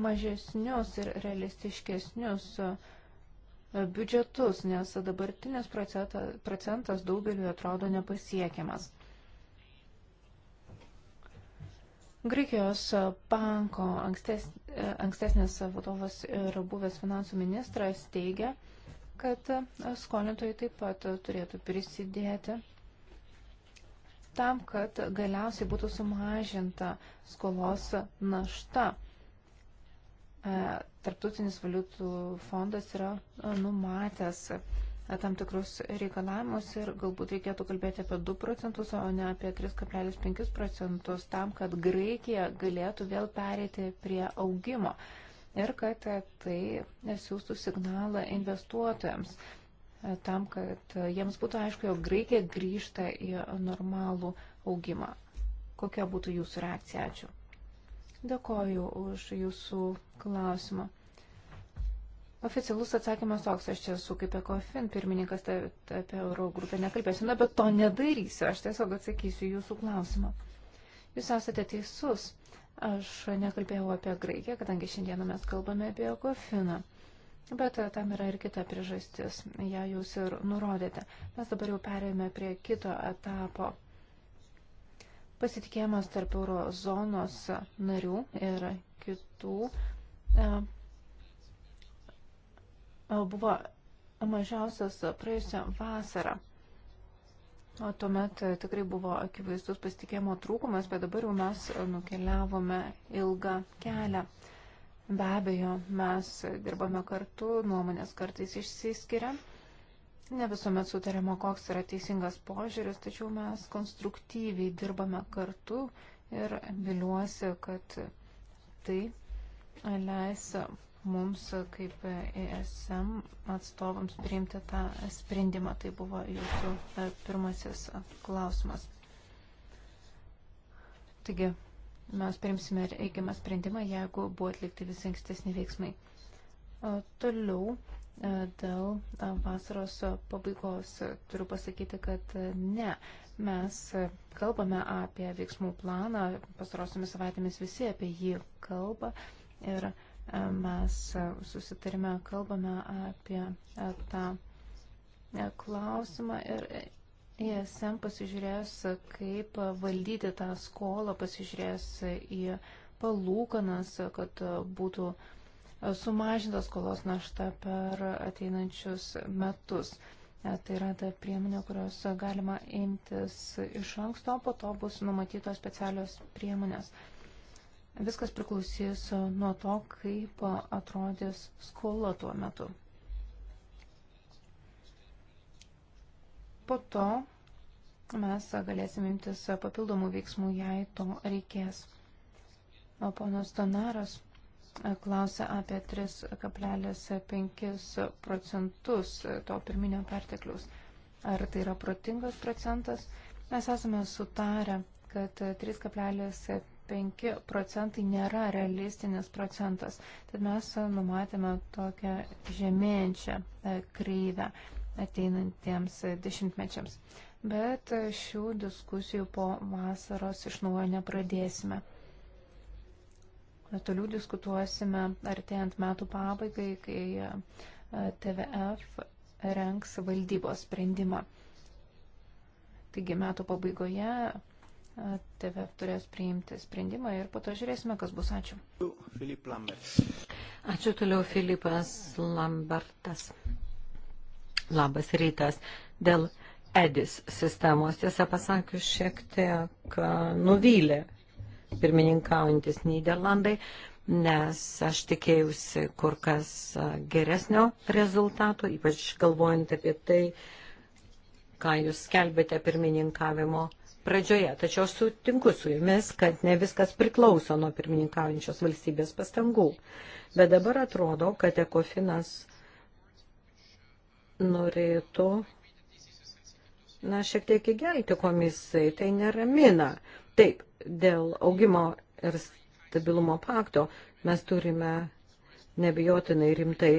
mažesnius ir realistiškesnius biudžetus, nes dabartinis procentas daugeliu atrodo nepasiekiamas. Graikijos banko ankstes, ankstesnis vadovas ir buvęs finansų ministras teigia, kad skolintojai taip pat turėtų prisidėti tam, kad galiausiai būtų sumažinta skolos našta. E, tarptautinis valiutų fondas yra numatęs tam tikrus reikalavimus ir galbūt reikėtų kalbėti apie 2 procentus, o ne apie 3,5 procentus tam, kad Graikija galėtų vėl perėti prie augimo ir kad tai siūstų signalą investuotojams e, tam, kad jiems būtų aišku, jog Graikija grįžta į normalų augimą. Kokia būtų jūsų reakcija? Ačiū. Dėkoju už jūsų klausimą. Oficialus atsakymas toks, aš čia esu kaip ECOFIN pirmininkas, tai apie euro grupę nekalbėsiu, na, bet to nedarysiu, aš tiesiog atsakysiu jūsų klausimą. Jūs esate teisus, aš nekalbėjau apie Graikiją, kadangi šiandieną mes kalbame apie ECOFINą. Bet tam yra ir kita priežastis, ją jūs ir nurodėte. Mes dabar jau perėjome prie kito etapo. Pasitikėjimas tarp eurozonos narių ir kitų e, buvo mažiausias praėjusią vasarą. O tuomet e, tikrai buvo akivaizdus pasitikėjimo trūkumas, bet dabar jau mes e, nukeliavome ilgą kelią. Be abejo, mes e, dirbame kartu, nuomonės kartais išsiskiria. Ne visuomet sutarėme, koks yra teisingas požiūris, tačiau mes konstruktyviai dirbame kartu ir viliuosi, kad tai leis mums kaip ESM atstovams priimti tą sprendimą. Tai buvo jūsų e, pirmasis klausimas. Taigi, mes priimsime reikiamą sprendimą, jeigu buvo atlikti visi ankstesni veiksmai. Toliau e, dėl e, vasaros pabaigos turiu pasakyti, kad ne. Mes kalbame apie veiksmų planą, pastarosiomis savaitėmis visi apie jį kalba ir mes susitarime kalbame apie tą klausimą ir ESM pasižiūrės, kaip valdyti tą skolą, pasižiūrės į palūkanas, kad būtų sumažinta skolos našta per ateinančius metus. E, tai yra ta priemonė, kurios galima imtis iš anksto, po to bus numatytos specialios priemonės. Viskas priklausys nuo to, kaip atrodys skola tuo metu. Po to mes galėsim imtis papildomų veiksmų, jei to reikės. O ponas Donaras klausia apie 3,5 procentus to pirminio pertekliaus. Ar tai yra protingas procentas? Mes esame sutarę, kad 3,5 5 procentai nėra realistinis procentas. Tad mes numatėme tokią žemėjančią e, kreivę ateinantiems e, dešimtmečiams. Bet e, šių diskusijų po vasaros iš naujo nepradėsime. Toliau diskutuosime artėjant metų pabaigai, kai TVF renks valdybos sprendimą. Taigi metų pabaigoje TVF turės priimti sprendimą ir po to žiūrėsime, kas bus. Ačiū. Ačiū toliau Filipas Lambertas. Labas rytas. Dėl EDIS sistemos, tiesą pasakius, šiek tiek nuvylė pirmininkaujantis Niderlandai nes aš tikėjausi kur kas geresnio rezultato, ypač galvojant apie tai, ką jūs skelbėte pirmininkavimo pradžioje, tačiau sutinku su jumis, kad ne viskas priklauso nuo pirmininkaujančios valstybės pastangų. Bet dabar atrodo, kad ekofinas norėtų, na, šiek tiek įgelti komisai, tai neramina. Taip, dėl augimo ir stabilumo pakto mes turime nebijotinai rimtai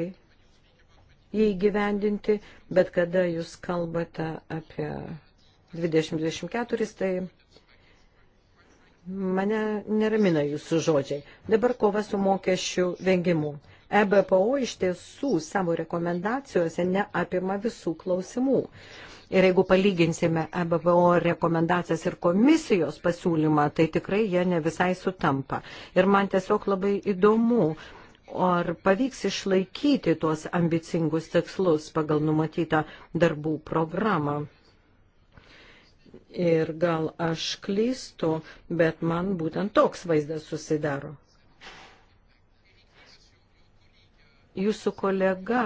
jį įgyvendinti, bet kada jūs kalbate apie 2024, tai mane neramina jūsų žodžiai. Dabar kova su mokesčių vengimu. EBPO iš tiesų savo rekomendacijose neapima visų klausimų. Ir jeigu palyginsime EBVO rekomendacijas ir komisijos pasiūlymą, tai tikrai jie ne visai sutampa. Ir man tiesiog labai įdomu, ar pavyks išlaikyti tuos ambicingus tikslus pagal numatytą darbų programą. Ir gal aš klystu, bet man būtent toks vaizdas susidaro. Jūsų kolega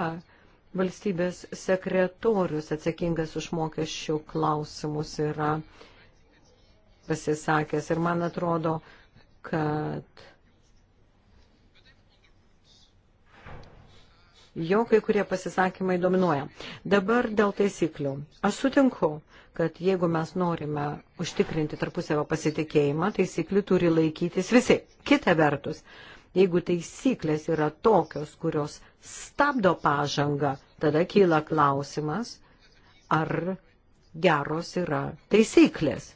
valstybės sekretorius atsakingas už mokesčių klausimus yra pasisakęs. Ir man atrodo, kad jo kai kurie pasisakymai dominuoja. Dabar dėl taisyklių. Aš sutinku, kad jeigu mes norime užtikrinti tarpusavio pasitikėjimą, taisyklių turi laikytis visi. Kita vertus, jeigu taisyklės yra tokios, kurios stabdo pažangą, tada kyla klausimas, ar geros yra taisyklės.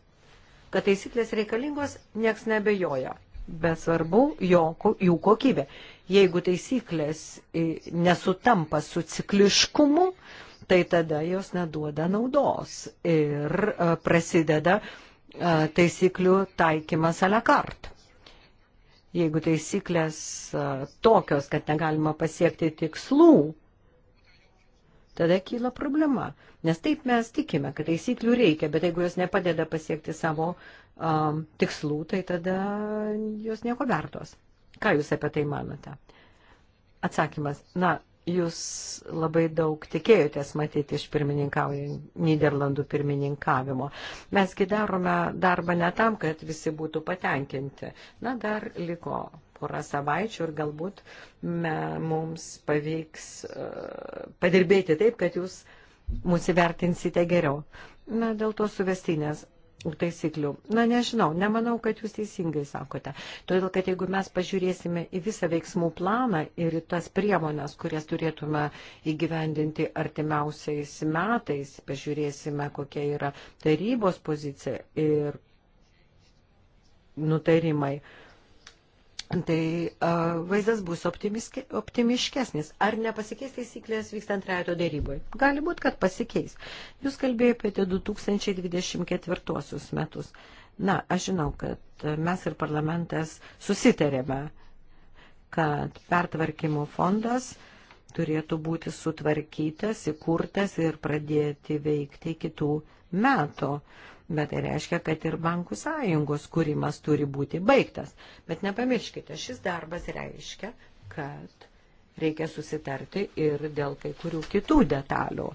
Kad taisyklės reikalingos, nieks nebejoja, bet svarbu jo, jų kokybė jeigu taisyklės nesutampa su cikliškumu, tai tada jos neduoda naudos ir e, prasideda e, taisyklių taikymas alekart. Jeigu taisyklės e, tokios, kad negalima pasiekti tikslų, tada kyla problema. Nes taip mes tikime, kad taisyklių reikia, bet jeigu jos nepadeda pasiekti savo um, tikslų, tai tada jos nieko vertos. Ką Jūs apie tai manote? Atsakymas. Na, Jūs labai daug tikėjotės matyti iš Niderlandų pirmininkavimo. Mesgi darome darbą ne tam, kad visi būtų patenkinti. Na, dar liko porą savaičių ir galbūt me, mums pavyks uh, padirbėti taip, kad jūs mūsų vertinsite geriau. Na, dėl to suvestinės taisyklių. Na, nežinau, nemanau, kad jūs teisingai sakote. Todėl, kad jeigu mes pažiūrėsime į visą veiksmų planą ir į tas priemonės, kurias turėtume įgyvendinti artimiausiais metais, pažiūrėsime, kokia yra tarybos pozicija ir nutarimai. Uh, tai a, vaizdas bus optimiškesnis. Ar nepasikeis taisyklės vykstant trejato dėryboje? Gali būti, kad pasikeis. Jūs kalbėjote apie 2024 metus. Na, aš žinau, kad mes ir parlamentas susitarėme, kad pertvarkymo fondas turėtų būti sutvarkytas, įkurtas ir pradėti veikti kitų metų bet tai reiškia, kad ir bankų sąjungos kūrimas turi būti baigtas. Bet nepamirškite, šis darbas reiškia, kad reikia susitarti ir dėl kai kurių kitų detalių.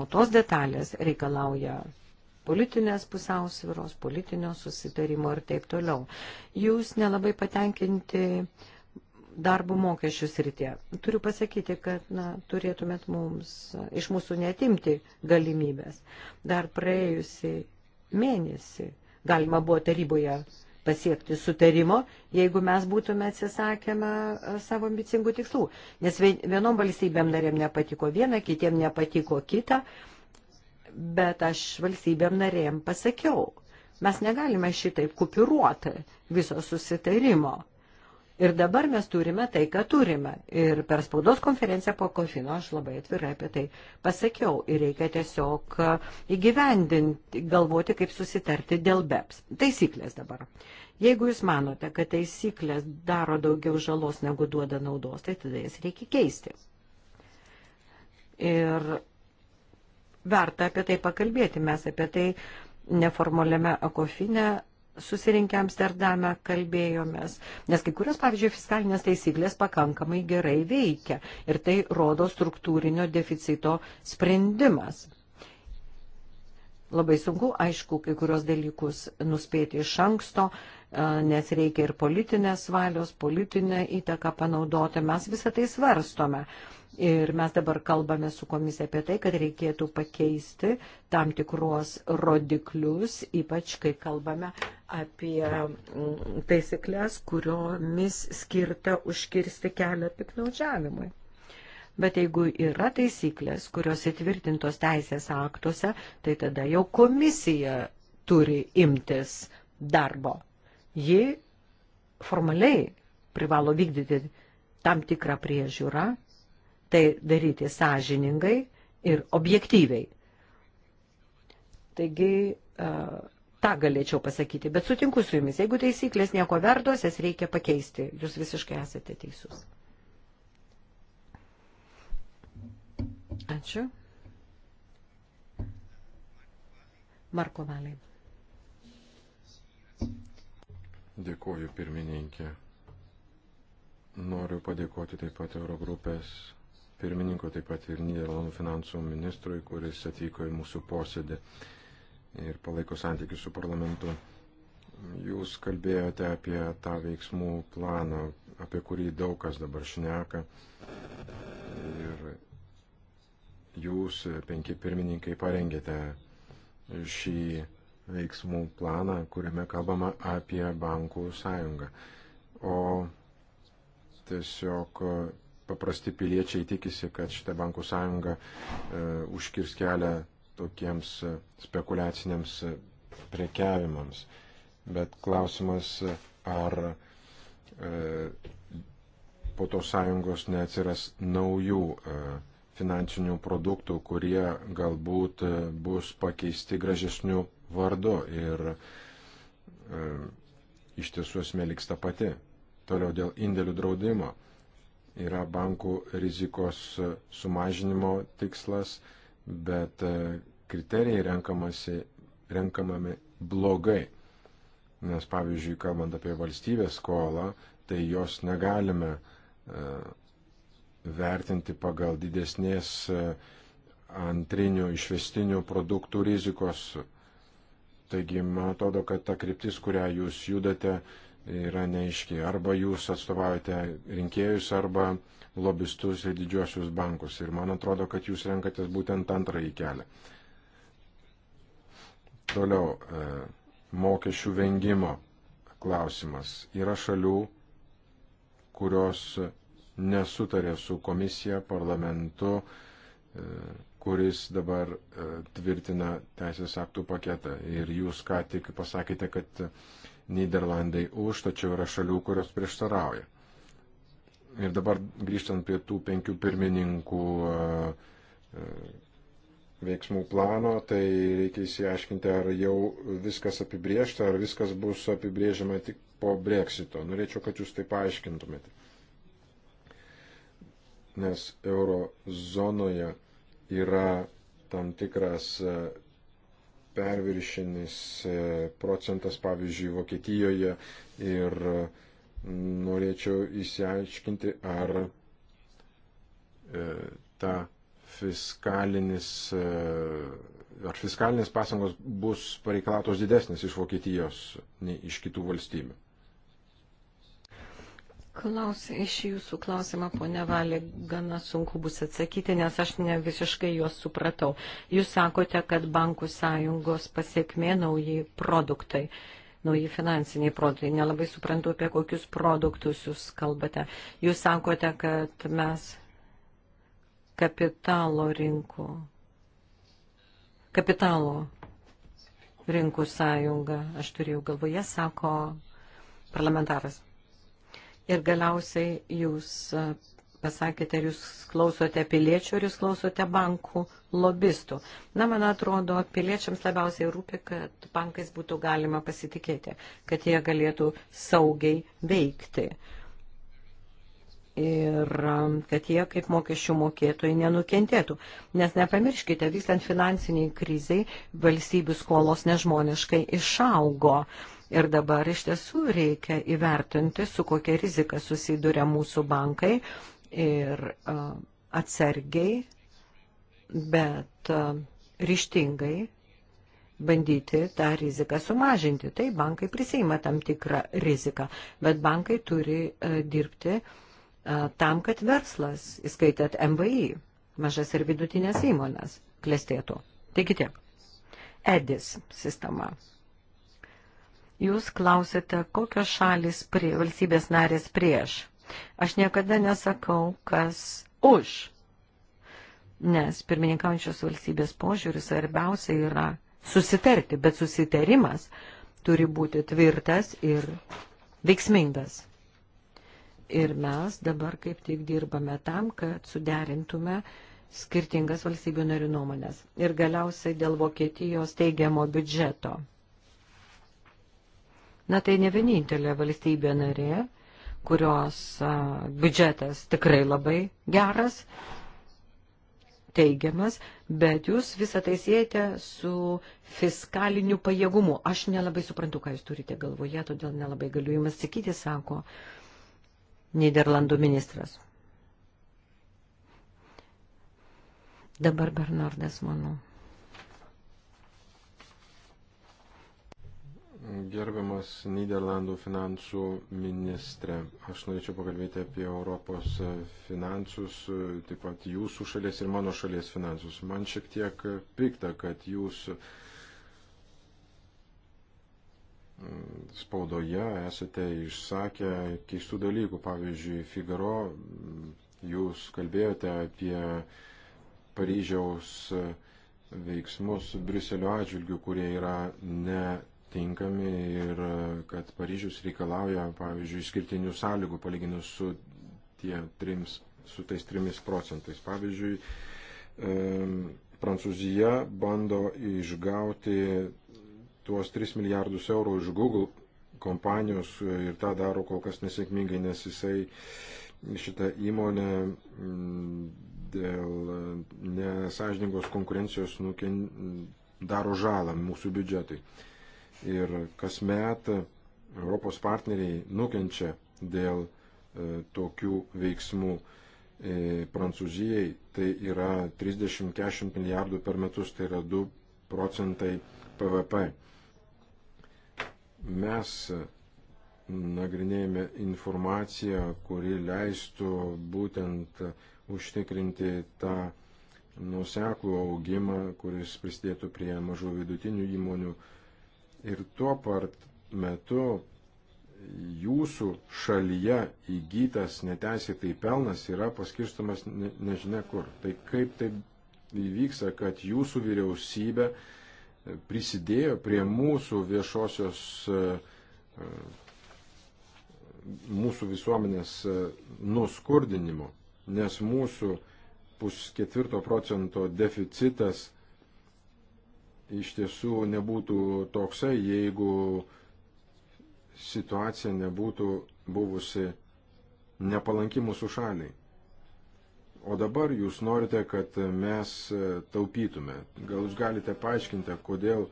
O tos detalės reikalauja politinės pusiausviros, politinio susitarimo ir taip toliau. Jūs nelabai patenkinti uh, darbo mokesčių srityje. Turiu pasakyti, kad na, turėtumėt mums iš mūsų netimti galimybės. Dar praėjusi mėnesį galima buvo taryboje pasiekti sutarimo, jeigu mes būtume atsisakėme savo ambicingų tikslų. Nes vienom valstybėm narėm nepatiko vieną, kitiem nepatiko kitą, bet aš valstybėm narėm pasakiau, mes negalime šitaip kupiruoti viso susitarimo Ir dabar mes turime tai, ką turime. Ir per spaudos konferenciją po konfino aš labai atvirai apie tai pasakiau. Ir reikia tiesiog e, įgyvendinti, galvoti, kaip susitarti dėl BEPS. Taisyklės dabar. Jeigu jūs manote, kad taisyklės daro daugiau žalos negu duoda naudos, tai tada jas reikia keisti. Ir verta apie tai pakalbėti. Mes apie tai neformaliame akofinė susirinkę Amsterdame kalbėjomės, nes kai kurios, pavyzdžiui, fiskalinės taisyklės pakankamai gerai veikia ir tai rodo struktūrinio deficito sprendimas. Labai sunku, aišku, kai kurios dalykus nuspėti iš anksto, nes reikia ir politinės valios, politinę įtaką panaudoti. Mes visą tai svarstome. Ir mes dabar kalbame su komisija apie tai, kad reikėtų pakeisti tam tikruos rodiklius, ypač kai kalbame apie mm, taisyklės, kuriomis skirta užkirsti kelią piknaudžiavimui. Bet jeigu yra taisyklės, kurios įtvirtintos teisės aktuose, tai tada jau komisija turi imtis darbo ji formaliai privalo vykdyti tam tikrą priežiūrą, tai daryti sąžiningai ir objektyviai. Taigi, e, tą galėčiau pasakyti, bet sutinku su jumis, jeigu taisyklės nieko vertos, jas reikia pakeisti, jūs visiškai esate teisus. Ačiū. Marko Valiai. Dėkoju pirmininkė. Noriu padėkoti taip pat Eurogrupės pirmininko, taip pat ir Niderlandų finansų ministrui, kuris atvyko į mūsų posėdį ir palaiko santykius su parlamentu. Jūs kalbėjote apie tą veiksmų planą, apie kurį daug kas dabar šneka. Ir jūs, penki pirmininkai, parengėte šį veiksmų planą, kuriame kalbama apie bankų sąjungą. O tiesiog e, paprasti piliečiai tikisi, kad šitą bankų sąjungą e, užkirs kelią tokiems e, spekuliaciniams e, prekiavimams. Bet klausimas, ar e, po tos sąjungos neatsiras naujų e, finansinių produktų, kurie galbūt bus pakeisti gražesnių vardu ir e, iš tiesų esmė liks ta pati. Toliau dėl indėlių draudimo yra bankų rizikos sumažinimo tikslas, bet e, kriterijai renkamasi, renkamami blogai. Nes pavyzdžiui, kalbant apie valstybės skolą, tai jos negalime e, vertinti pagal didesnės e, antrinių išvestinių produktų rizikos Taigi, man atrodo, kad ta kryptis, kurią jūs judate, yra neaiškiai. Arba jūs atstovaujate rinkėjus, arba lobistus ir didžiosius bankus. Ir man atrodo, kad jūs renkatės būtent antrąjį kelią. Toliau, e, mokesčių vengimo klausimas. Yra šalių, kurios nesutarė su komisija, parlamentu, e, kuris dabar e, tvirtina teisės aktų paketą. Ir jūs ką tik pasakėte, kad e, Niderlandai už, tačiau yra šalių, kurios prieštarauja. Ir dabar grįžtant prie tų penkių pirmininkų e, veiksmų plano, tai reikia įsiaiškinti, ar jau viskas apibriešta, ar viskas bus apibrėžiama tik po breksito. Norėčiau, kad jūs tai paaiškintumėte. Nes eurozonoje yra tam tikras e, perviršinis e, procentas, pavyzdžiui, Vokietijoje ir e, norėčiau įsiaiškinti, ar ta fiskalinis, ar fiskalinės pasangos bus pareikalautos didesnės iš Vokietijos nei iš kitų valstybių. Klaus, iš jūsų klausimą, ponia Valė, gana sunku bus atsakyti, nes aš ne visiškai juos supratau. Jūs sakote, kad bankų sąjungos pasiekmė nauji produktai, nauji finansiniai produktai. Nelabai suprantu, apie kokius produktus jūs kalbate. Jūs sakote, kad mes kapitalo rinkų, kapitalo rinkų sąjungą, aš turėjau galvoje, sako parlamentaras. Ir galiausiai jūs pasakėte, ar jūs klausote piliečių, ar jūs klausote bankų lobistų. Na, man atrodo, piliečiams labiausiai rūpi, kad bankais būtų galima pasitikėti, kad jie galėtų saugiai veikti. Ir kad jie kaip mokesčių mokėtojai nenukentėtų. Nes nepamirškite, vykstant finansiniai kriziai, valstybių skolos nežmoniškai išaugo. Ir dabar iš tiesų reikia įvertinti, su kokia rizika susiduria mūsų bankai ir atsargiai, bet ryštingai bandyti tą riziką sumažinti. Tai bankai prisima tam tikrą riziką, bet bankai turi dirbti tam, kad verslas, įskaitant MVI, mažas ir vidutinės įmonės, klestėtų. Taigi tiek. EDIS sistema. Jūs klausėte, kokios šalis prie, valstybės narės prieš. Aš niekada nesakau, kas už. Nes pirmininkaujančios valstybės požiūris svarbiausia yra susitarti, bet susitarimas turi būti tvirtas ir veiksmingas. Ir mes dabar kaip tik dirbame tam, kad suderintume skirtingas valstybių narių nuomonės. Ir galiausiai dėl Vokietijos teigiamo biudžeto. Na tai ne vienintelė valstybė narė, kurios a, biudžetas tikrai labai geras, teigiamas, bet jūs visą tai siejate su fiskaliniu pajėgumu. Aš nelabai suprantu, ką jūs turite galvoje, todėl nelabai galiu jums atsakyti, sako Niderlandų ministras. Dabar Bernardas, manau. Gerbiamas Niderlandų finansų ministrė, aš norėčiau pakalbėti apie Europos finansus, taip pat jūsų šalies ir mano šalies finansus. Man šiek tiek pikta, kad jūs mm, spaudoje esate išsakę keistų dalykų. Pavyzdžiui, Figaro, mm, jūs kalbėjote apie Paryžiaus veiksmus Briuselio atžvilgių, kurie yra ne tinkami ir e, kad Paryžius reikalauja, pavyzdžiui, išskirtinių sąlygų palyginus su, tie, trims, su tais trimis procentais. Pavyzdžiui, Prancūzija bando išgauti tuos 3 milijardus eurų iš Google kompanijos ir tą daro kol kas nesėkmingai, nes jisai šitą įmonę mm, dėl nesažiningos konkurencijos nuken, daro žalą mūsų biudžetui ir kasmet Europos partneriai nukenčia dėl e, tokių veiksmų. E, Prancūzijai tai yra 30-40 milijardų per metus, tai yra 2 procentai PVP. Mes nagrinėjame informaciją, kuri leistų būtent užtikrinti tą nuseklų augimą, kuris prisidėtų prie mažų vidutinių įmonių ir tuo part metu jūsų šalyje įgytas neteisėtai pelnas yra paskirstamas ne, nežinia kur. Tai kaip tai įvyksta, kad jūsų vyriausybė prisidėjo prie mūsų viešosios, e, e, mūsų visuomenės e, nuskurdinimo, nes mūsų pusketvirto procento deficitas iš tiesų nebūtų toksai, jeigu situacija nebūtų buvusi nepalanki mūsų šaliai. O dabar jūs norite, kad mes taupytume. Gal jūs galite paaiškinti, kodėl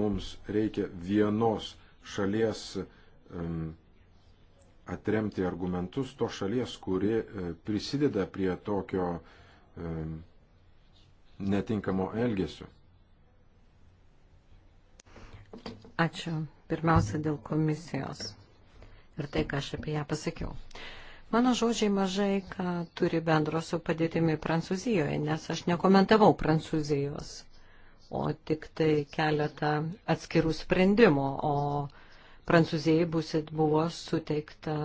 mums reikia vienos šalies um, atremti argumentus to šalies, kuri e, prisideda prie tokio um, netinkamo elgesio. Ačiū. Pirmiausia, dėl komisijos ir tai, ką aš apie ją pasakiau. Mano žodžiai mažai, ką turi bendro su padėtimi Prancūzijoje, nes aš nekomentavau Prancūzijos, o tik tai keletą atskirų sprendimų, o Prancūzijai busit buvo suteikta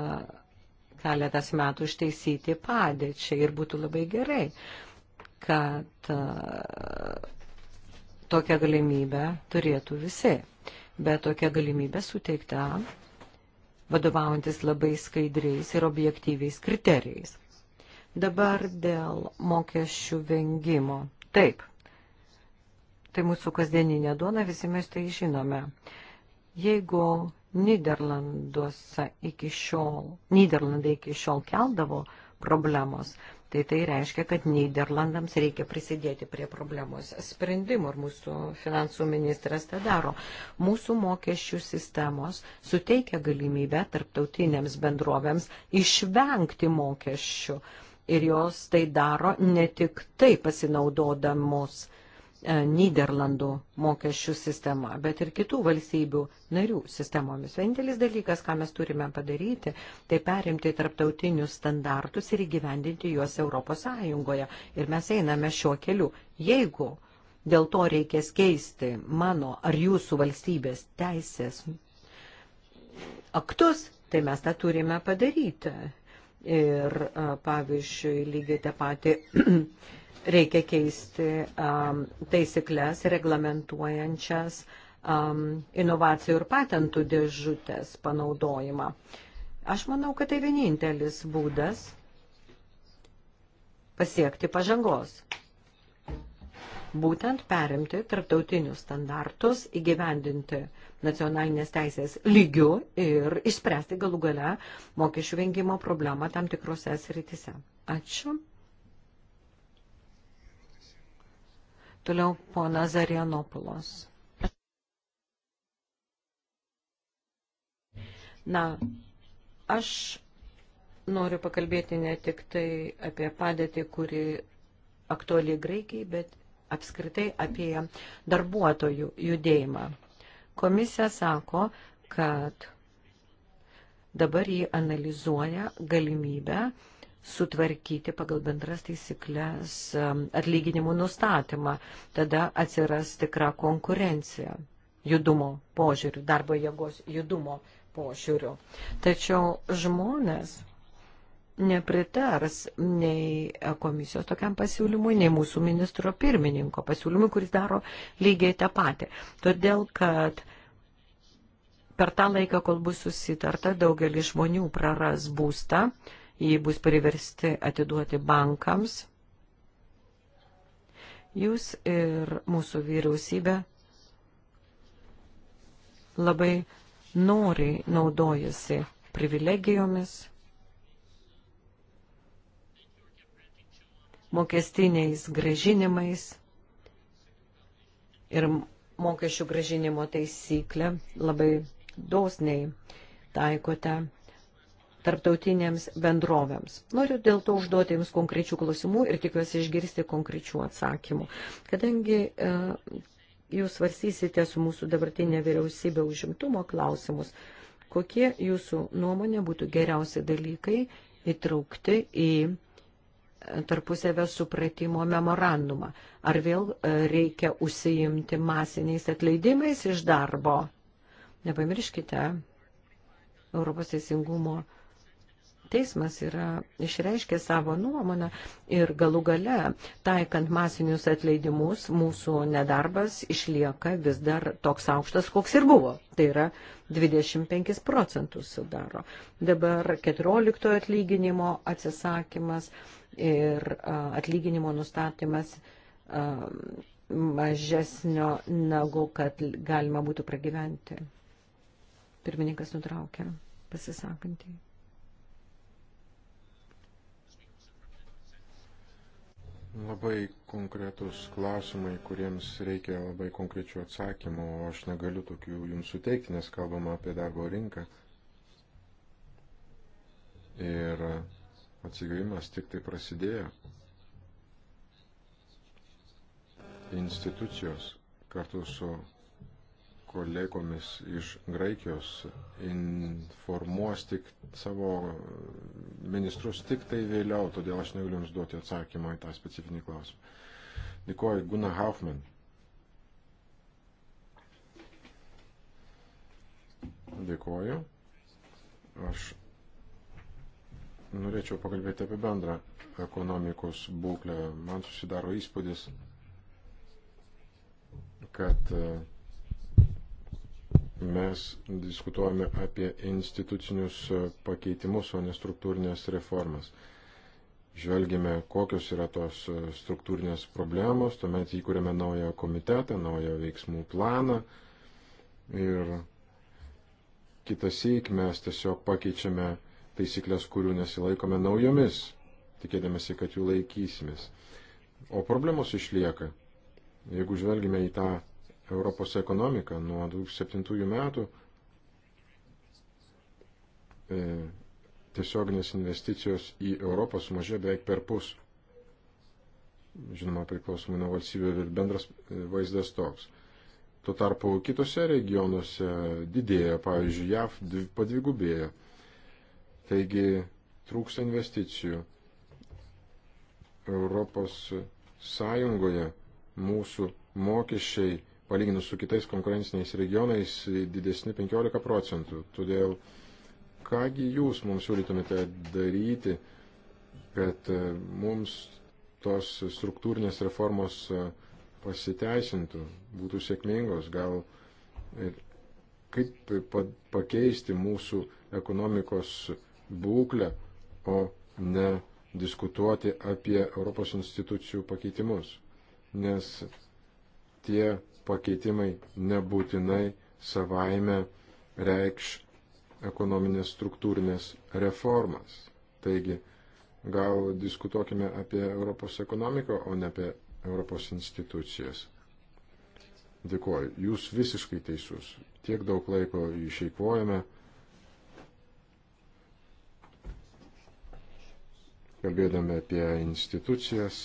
keletas metų išteisyti padėčiai ir būtų labai gerai, kad e, tokią galimybę turėtų visi bet tokia galimybė suteikta vadovaujantis labai skaidriais ir objektyviais kriterijais. Dabar dėl mokesčių vengimo. Taip, tai mūsų kasdieninė duona, visi mes tai žinome. Jeigu Niderlanduose iki šiol, Niderlandai iki šiol keldavo problemos, Tai tai reiškia, kad Niderlandams reikia prisidėti prie problemos sprendimų ir mūsų finansų ministras tą daro. Mūsų mokesčių sistemos suteikia galimybę tarptautinėms bendrovėms išvengti mokesčių ir jos tai daro ne tik tai pasinaudodamos E, Niderlandų mokesčių sistema, bet ir kitų valstybių narių sistemomis. Vienintelis dalykas, ką mes turime padaryti, tai perimti tarptautinius standartus ir įgyvendinti juos Europos Sąjungoje. Ir mes einame šiuo keliu. Jeigu dėl to reikės keisti mano ar jūsų valstybės teisės aktus, tai mes tą turime padaryti. Ir e, pavyzdžiui, lygiai tą patį reikia keisti um, taisyklės reglamentuojančias um, inovacijų ir patentų dėžutės panaudojimą. Aš manau, kad tai vienintelis būdas pasiekti pažangos. Būtent perimti tarptautinius standartus, įgyvendinti nacionalinės teisės lygių ir išspręsti galų gale mokesčių vengimo problemą tam tikrose sritise. Ačiū. Toliau pona Zarianopulos. Na, aš noriu pakalbėti ne tik tai apie padėtį, kuri aktuali Graikijai, bet apskritai apie darbuotojų judėjimą. Komisija sako, kad dabar jį analizuoja galimybę sutvarkyti pagal bendras taisyklės um, atlyginimų nustatymą. Tada atsiras tikra konkurencija judumo požiūrių, darbo jėgos judumo požiūrių. Tačiau žmonės nepritars nei komisijos tokiam pasiūlymui, nei mūsų ministro pirmininko pasiūlymui, kuris daro lygiai tą patį. Todėl, kad per tą laiką, kol bus susitarta, daugelis žmonių praras būstą, jį bus priversti atiduoti bankams. Jūs ir mūsų vyriausybė labai noriai naudojasi privilegijomis, mokestiniais gražinimais ir mokesčių gražinimo taisyklę labai dosniai taikote tarptautinėms bendrovėms. Noriu dėl to užduoti Jums konkrečių klausimų ir tikiuosi išgirsti konkrečių atsakymų. Kadangi e, Jūs varsysite su mūsų dabartinė vyriausybė užimtumo klausimus, kokie Jūsų nuomonė būtų geriausi dalykai įtraukti į e, tarpusavę supratimo memorandumą. Ar vėl e, reikia užsiimti masiniais atleidimais iš darbo? Nepamirškite, Europos teisingumo teismas yra išreiškė savo nuomonę ir galų gale, taikant masinius atleidimus, mūsų nedarbas išlieka vis dar toks aukštas, koks ir buvo. Tai yra 25 procentus sudaro. Dabar 14 atlyginimo atsisakymas ir atlyginimo nustatymas mažesnio negu kad galima būtų pragyventi. Pirmininkas nutraukė pasisakantį. labai konkretus klausimai, kuriems reikia labai konkrečių atsakymų, o aš negaliu tokių jums suteikti, nes kalbama apie darbo rinką. Ir atsigavimas tik tai prasidėjo. Institucijos kartu su kolegomis iš Graikijos informuos tik savo ministrus tik tai vėliau, todėl aš negaliu jums duoti atsakymą į tą specifinį klausimą. Dėkuoju, Guna Haufman. Dėkuoju. Aš norėčiau pakalbėti apie bendrą ekonomikos būklę. Man susidaro įspūdis, kad uh, mes diskutuojame apie institucinius pakeitimus, o ne struktūrinės reformas. Žvelgėme, kokios yra tos struktūrinės problemos, tuomet įkūrėme naują komitetą, naują veiksmų planą ir kitas įk mes tiesiog pakeičiame taisyklės, kurių nesilaikome naujomis, tikėdamėsi, kad jų laikysimės. O problemos išlieka. Jeigu žvelgime į tą Europos ekonomiką nuo 2007 metų e, tiesioginės investicijos į Europą sumažėjo beveik per pus. Žinoma, priklausomai nuo valstybių ir bendras e, vaizdas toks. Tuo tarpu kitose regionuose didėjo, pavyzdžiui, JAV padvigubėjo. Taigi trūksta investicijų. Europos Sąjungoje mūsų mokesčiai palyginus su kitais konkurenciniais regionais, didesni 15 procentų. Todėl, kągi jūs mums siūlytumėte daryti, kad e, mums tos struktūrinės reformos e, pasiteisintų, būtų sėkmingos, gal e, kaip pakeisti mūsų ekonomikos būklę, o ne diskutuoti apie Europos institucijų pakeitimus. Nes tie pakeitimai nebūtinai savaime reikš ekonominės struktūrinės reformas. Taigi, gal diskutuokime apie Europos ekonomiką, o ne apie Europos institucijas. Dėkuoju, jūs visiškai teisus. Tiek daug laiko išeikvojame. kalbėdami apie institucijas,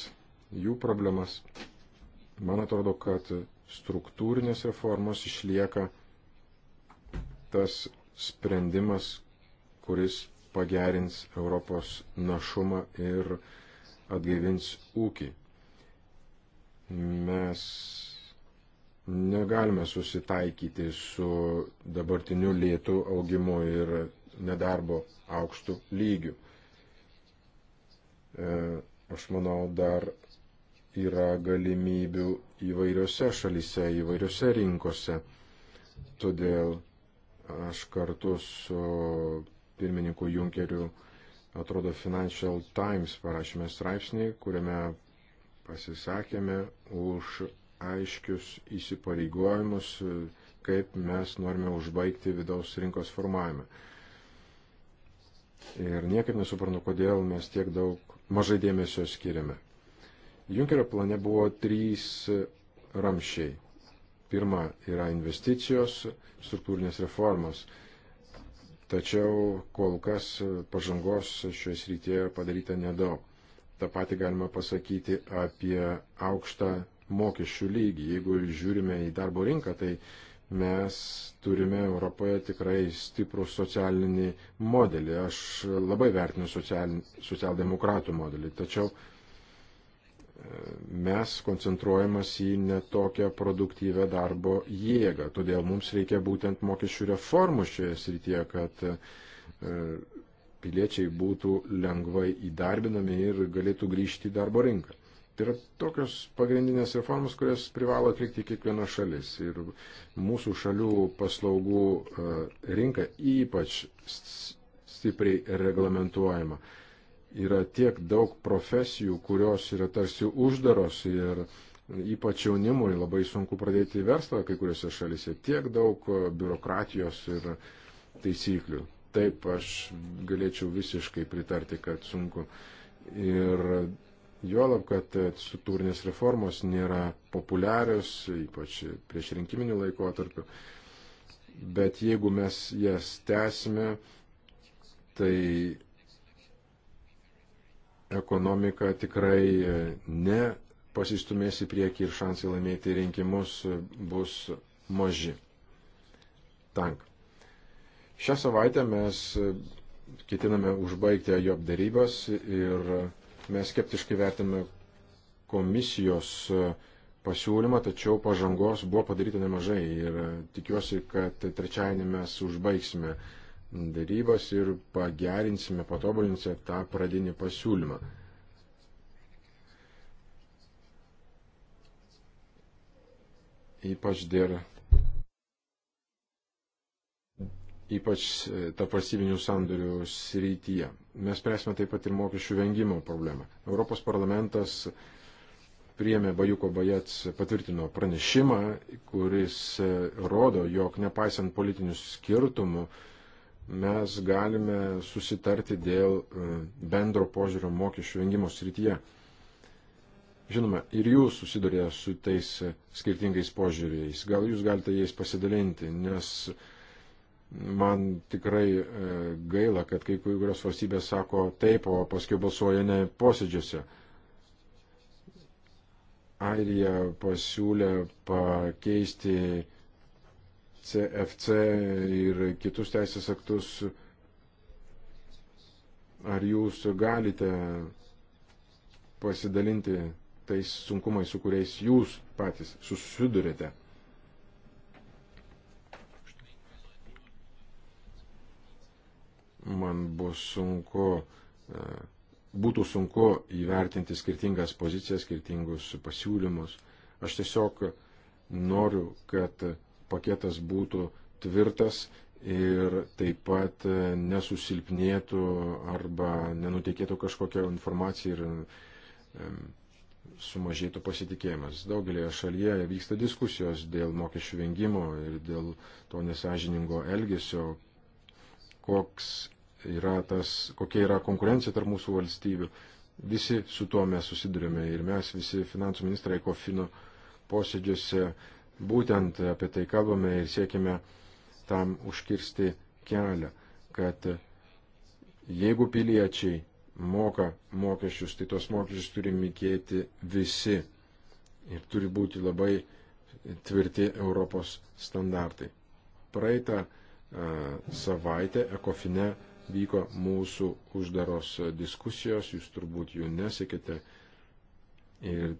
jų problemas, man atrodo, kad struktūrinės reformos išlieka tas sprendimas, kuris pagerins Europos našumą ir atgaivins ūkį. Mes negalime susitaikyti su dabartiniu lėtų augimu ir nedarbo aukštų lygių. E, aš manau, dar yra galimybių įvairiose šalyse, įvairiose rinkose. Todėl aš kartu su pirmininku Junkeriu, atrodo, Financial Times parašėme straipsnį, kuriame pasisakėme už aiškius įsipareigojimus, kaip mes norime užbaigti vidaus rinkos formavimą. Ir niekaip nesuprantu, kodėl mes tiek daug mažai dėmesio skiriame. Junkerio plane buvo trys ramšiai. Pirma yra investicijos, struktūrinės reformos. Tačiau kol kas pažangos šioje srityje padaryta nedaug. Ta pati galima pasakyti apie aukštą mokesčių lygį. Jeigu žiūrime į darbo rinką, tai mes turime Europoje tikrai stiprų socialinį modelį. Aš labai vertinu socialdemokratų modelį, tačiau mes koncentruojamas į netokią produktyvę darbo jėgą. Todėl mums reikia būtent mokesčių reformų šioje srityje, kad e, piliečiai būtų lengvai įdarbinami ir galėtų grįžti į darbo rinką. Tai yra tokios pagrindinės reformos, kurias privalo atlikti kiekviena šalis. Ir mūsų šalių paslaugų e, rinka ypač stipriai reglamentuojama yra tiek daug profesijų, kurios yra tarsi uždaros ir ypač jaunimui labai sunku pradėti verslą kai kuriuose šalise, tiek daug e, biurokratijos ir taisyklių. Taip, aš galėčiau visiškai pritarti, kad sunku. Ir juolab, kad e, struktūrinės reformos nėra populiarios, ypač prieš rinkiminį laikotarpį. Bet jeigu mes jas tęsime, tai ekonomika tikrai e, nepasistumės į priekį ir šansai laimėti rinkimus e, bus maži. Tank. Šią savaitę mes e, ketiname užbaigti jo apdarybas ir mes skeptiškai vertiname komisijos pasiūlymą, tačiau pažangos buvo padaryta nemažai ir tikiuosi, kad trečiajame mes užbaigsime uh, darybas ir pagerinsime, patobulinsime tą pradinį pasiūlymą. Ypač dėl ypač e, tarpvalstybinių sandorių srityje. Mes spręsime taip pat ir mokesčių vengimo problemą. Europos parlamentas priėmė Bajuko Bajats patvirtino pranešimą, kuris e, rodo, jog nepaisant politinių skirtumų, mes galime susitarti dėl e, bendro požiūrio mokesčių vengimo srityje. Žinoma, ir jūs susidurė su tais e, skirtingais požiūriais. Gal jūs galite jais pasidalinti, nes man tikrai e, gaila, kad kai kurios valstybės sako taip, o paskui balsuoja ne posėdžiuose. Airija pasiūlė pakeisti CFC ir kitus teisės aktus, ar jūs galite pasidalinti tais sunkumais, su kuriais jūs patys susidurite? Man bus sunku, e, būtų sunku įvertinti skirtingas pozicijas, skirtingus pasiūlymus. Aš tiesiog noriu, kad paketas būtų tvirtas ir taip pat e, nesusilpnėtų arba nenutekėtų kažkokia informacija ir sumažėtų pasitikėjimas. Daugelėje šalyje vyksta diskusijos dėl mokesčių vengimo ir dėl to nesažiningo elgesio, koks yra tas, kokia yra konkurencija tarp mūsų valstybių. Visi su tuo mes susidurime ir mes visi finansų ministrai Kofino posėdžiuose Būtent apie tai kalbame ir siekime tam užkirsti kelią, kad jeigu piliečiai moka mokesčius, tai tos mokesčius turi mokėti visi ir turi būti labai tvirti Europos standartai. Praeitą a, savaitę Ekofine vyko mūsų uždaros diskusijos, jūs turbūt jų nesekite ir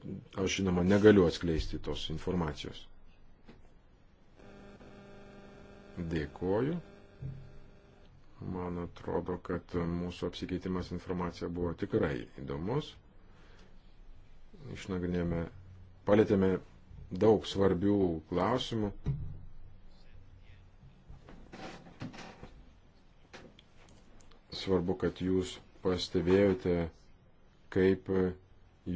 aš žinoma negaliu atskleisti tos informacijos. Dėkoju. Man atrodo, kad mūsų apsikeitimas informacija buvo tikrai įdomus. Išnagrinėjome, palėtėme daug svarbių klausimų. Svarbu, kad jūs pastebėjote, kaip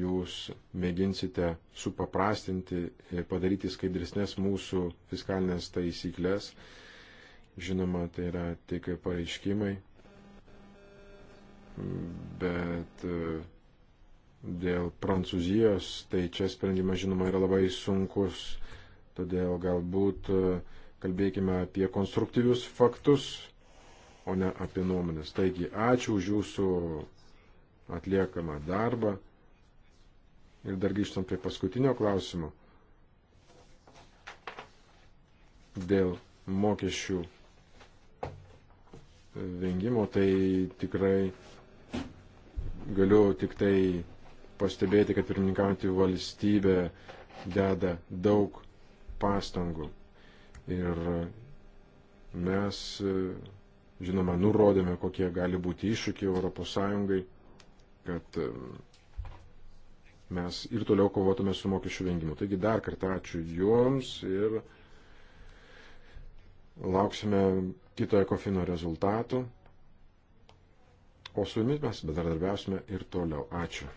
jūs mėginsite supaprastinti ir padaryti skaidresnės mūsų fiskalinės taisyklės Žinoma, tai yra tik pareiškimai, bet e, dėl Prancūzijos, tai čia sprendimas, žinoma, yra labai sunkus, todėl galbūt e, kalbėkime apie konstruktyvius faktus, o ne apie nuomonės. Taigi, ačiū už jūsų atliekamą darbą. Ir dar grįžtant prie paskutinio klausimo dėl mokesčių vengimo, tai tikrai galiu tik tai pastebėti, kad pirmininkaujantį valstybę deda daug pastangų. Ir mes, žinoma, nurodėme, kokie gali būti iššūkiai ES, kad um, mes ir toliau kovotume su mokesčių vengimu. Taigi dar kartą ačiū Jums ir Lauksime kito ekofino rezultatų, o su jumis mes bendradarbiausime ir toliau. Ačiū.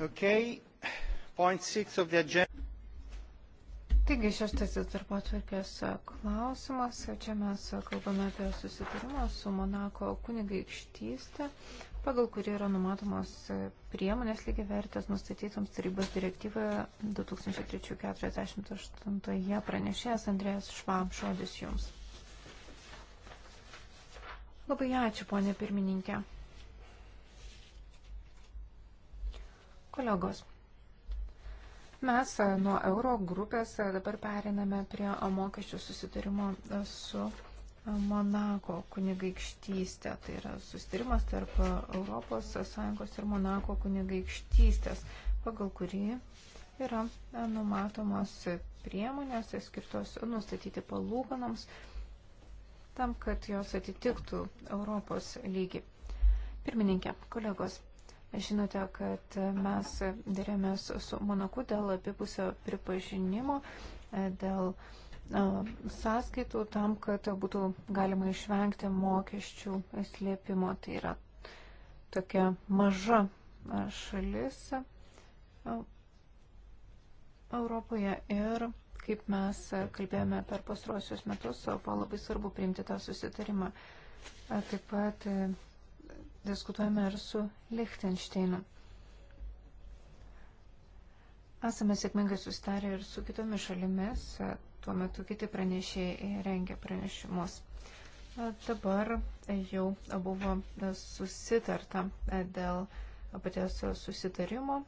Okay. Point six of the agenda. Taigi šeštasis darbo atvarkės e, klausimas. E, čia mes e, kalbame apie susitarimą su Monako kunigaikštystė, pagal kurį yra numatomos priemonės lygiai vertės nustatytoms tarybos direktyvoje 2348 pranešėjas Andrėjas Švab žodis jums. Labai ačiū, ponė pirmininkė. Kolegos, mes e, nuo euro grupės e, dabar periname prie e, mokesčių susitarimo su Monako kunigaikštystė. Tai yra susitarimas tarp ES ir Monako kunigaikštystės, pagal kurį yra numatomos priemonės skirtos nustatyti palūkanams tam, kad jos atitiktų Europos lygį. Pirmininkė, kolegos, Žinote, kad mes dėrėmės su Monaku dėl abipusio pripažinimo, dėl sąskaitų tam, kad būtų galima išvengti mokesčių slėpimo. Tai yra tokia maža šalis Europoje ir kaip mes kalbėjome per pastruosius metus, buvo labai svarbu priimti tą susitarimą. Taip pat diskutuojame ir su Lichtensteinu. Esame sėkmingai sustarę ir su kitomis šalimis, tuo metu kiti pranešėjai rengia pranešimus. Dabar jau buvo susitarta dėl paties susitarimo.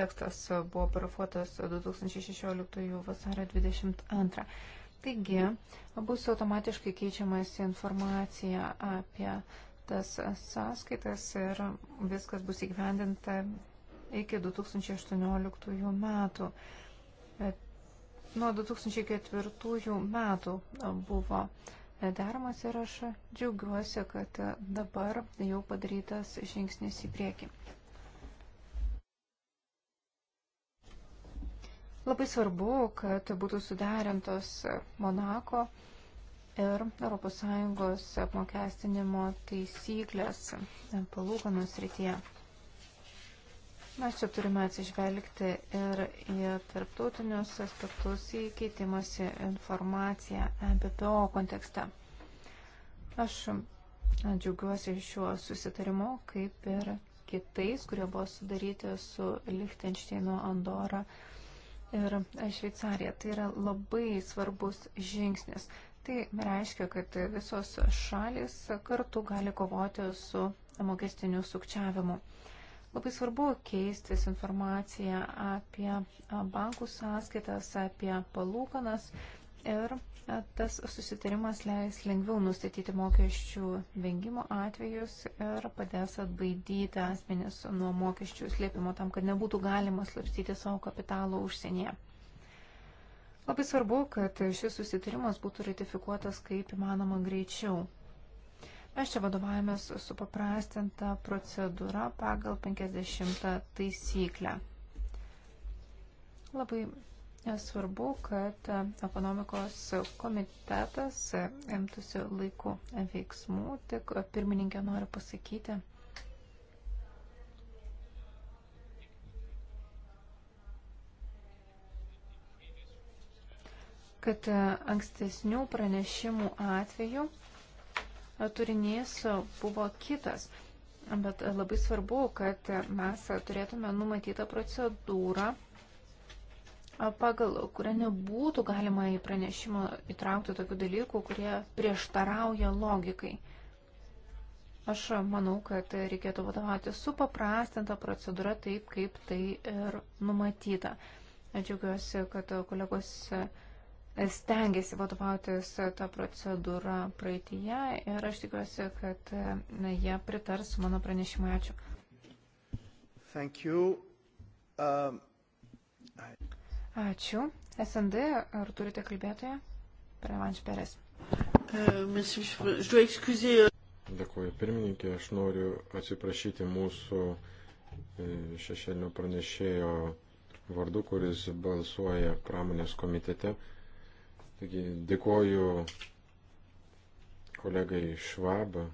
Tekstas buvo parafuotas 2016 vasario 22. Taigi bus automatiškai keičiamas informacija apie tas sąskaitas ir viskas bus įgyvendinta iki 2018 metų. Nuo 2004 metų buvo deramas ir aš džiaugiuosi, kad dabar jau padarytas žingsnis į priekį. Labai svarbu, kad būtų sudarintos Monako ir ES apmokestinimo taisyklės palūkanų srityje. Mes čia turime atsižvelgti ir į tarptautinius aspektus į keitimąsi informaciją e BPO kontekste. Aš džiaugiuosi šiuo susitarimu, kaip ir kitais, kurie buvo sudaryti su Lichtensteinu, Andora ir Šveicarija. Tai yra labai svarbus žingsnis. Tai reiškia, kad visos šalis kartu gali kovoti su mokestiniu sukčiavimu. Labai svarbu keistis informaciją apie bankų sąskaitas, apie palūkanas ir tas susitarimas leis lengviau nustatyti mokesčių vengimo atvejus ir padės atbaidyti asmenis nuo mokesčių slėpimo tam, kad nebūtų galima slapstyti savo kapitalo užsienyje. Labai svarbu, kad šis susitarimas būtų ratifikuotas kaip įmanoma greičiau. Mes čia vadovavomės su paprastinta procedūra pagal 50 taisyklę. Labai svarbu, kad ekonomikos komitetas imtųsi laiku veiksmų, tik pirmininkė nori pasakyti, kad e, ankstesnių pranešimų atveju e, turinys buvo kitas. Bet e, labai svarbu, kad mes turėtume numatytą procedūrą, pagal kurią nebūtų galima į pranešimą įtraukti tokių dalykų, kurie prieštarauja logikai. Aš manau, kad reikėtų vadovauti supaprastinta procedūra taip, kaip tai ir numatyta. Džiaugiuosi, kad kolegos stengiasi vadovautis tą procedūrą praeitįje ir aš tikiuosi, kad na, jie pritars mano pranešimui. Ačiū. Um, I... Ačiū. SND, ar turite kalbėtoją? Prevanš Peres. Uh, euh, Dėkuoju pirmininkė, aš noriu atsiprašyti mūsų e, šešėlinio pranešėjo vardu, kuris balsuoja pramonės komitete. Taigi dėkoju kolegai Švabą,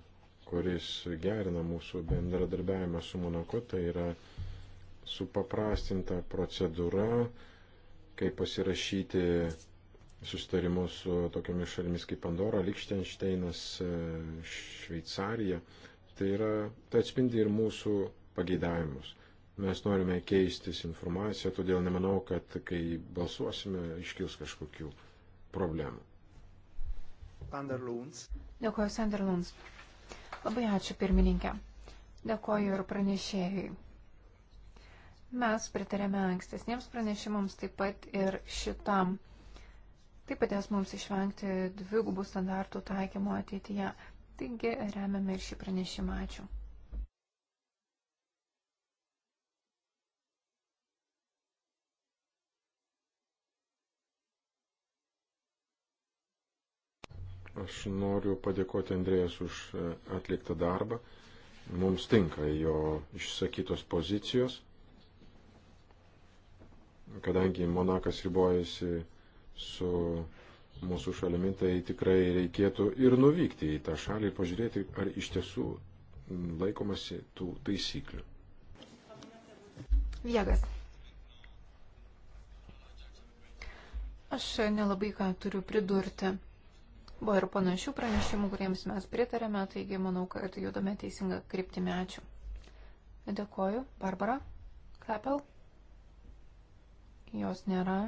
kuris gerina mūsų bendradarbiavimą su Monaku. Tai yra supaprastinta procedūra, kaip pasirašyti sustarimus su tokiamis šalimis kaip Pandora, Liechtensteinas, Šveicarija. Tai, yra, tai atspindi ir mūsų pageidavimus. Mes norime keistis informaciją, todėl nemanau, kad kai balsuosime, iškils kažkokių problemų. Sanderlunds. Dėkuoju, Sanderlunds. Labai ačiū, pirmininkė. Dėkuoju ir pranešėjui. Mes pritarėme ankstesniems pranešimams, taip pat ir šitam. Tai padės mums išvengti dvigubų standartų taikymo ateityje. Taigi remiame ir šį pranešimą. Ačiū. Aš noriu padėkoti Andrėjas už e, atliktą darbą. Mums tinka jo išsakytos pozicijos, kadangi Monakas ribojasi su mūsų šalimi, tai tikrai reikėtų ir nuvykti į tą šalį ir pažiūrėti, ar iš tiesų laikomasi tų taisyklių. Viegas. Aš nelabai ką turiu pridurti. Buvo ir panašių pranešimų, kuriems mes pritarėme, taigi manau, kad judame teisinga kryptimi. Ačiū. Dėkoju. Barbara Klepel. Jos nėra.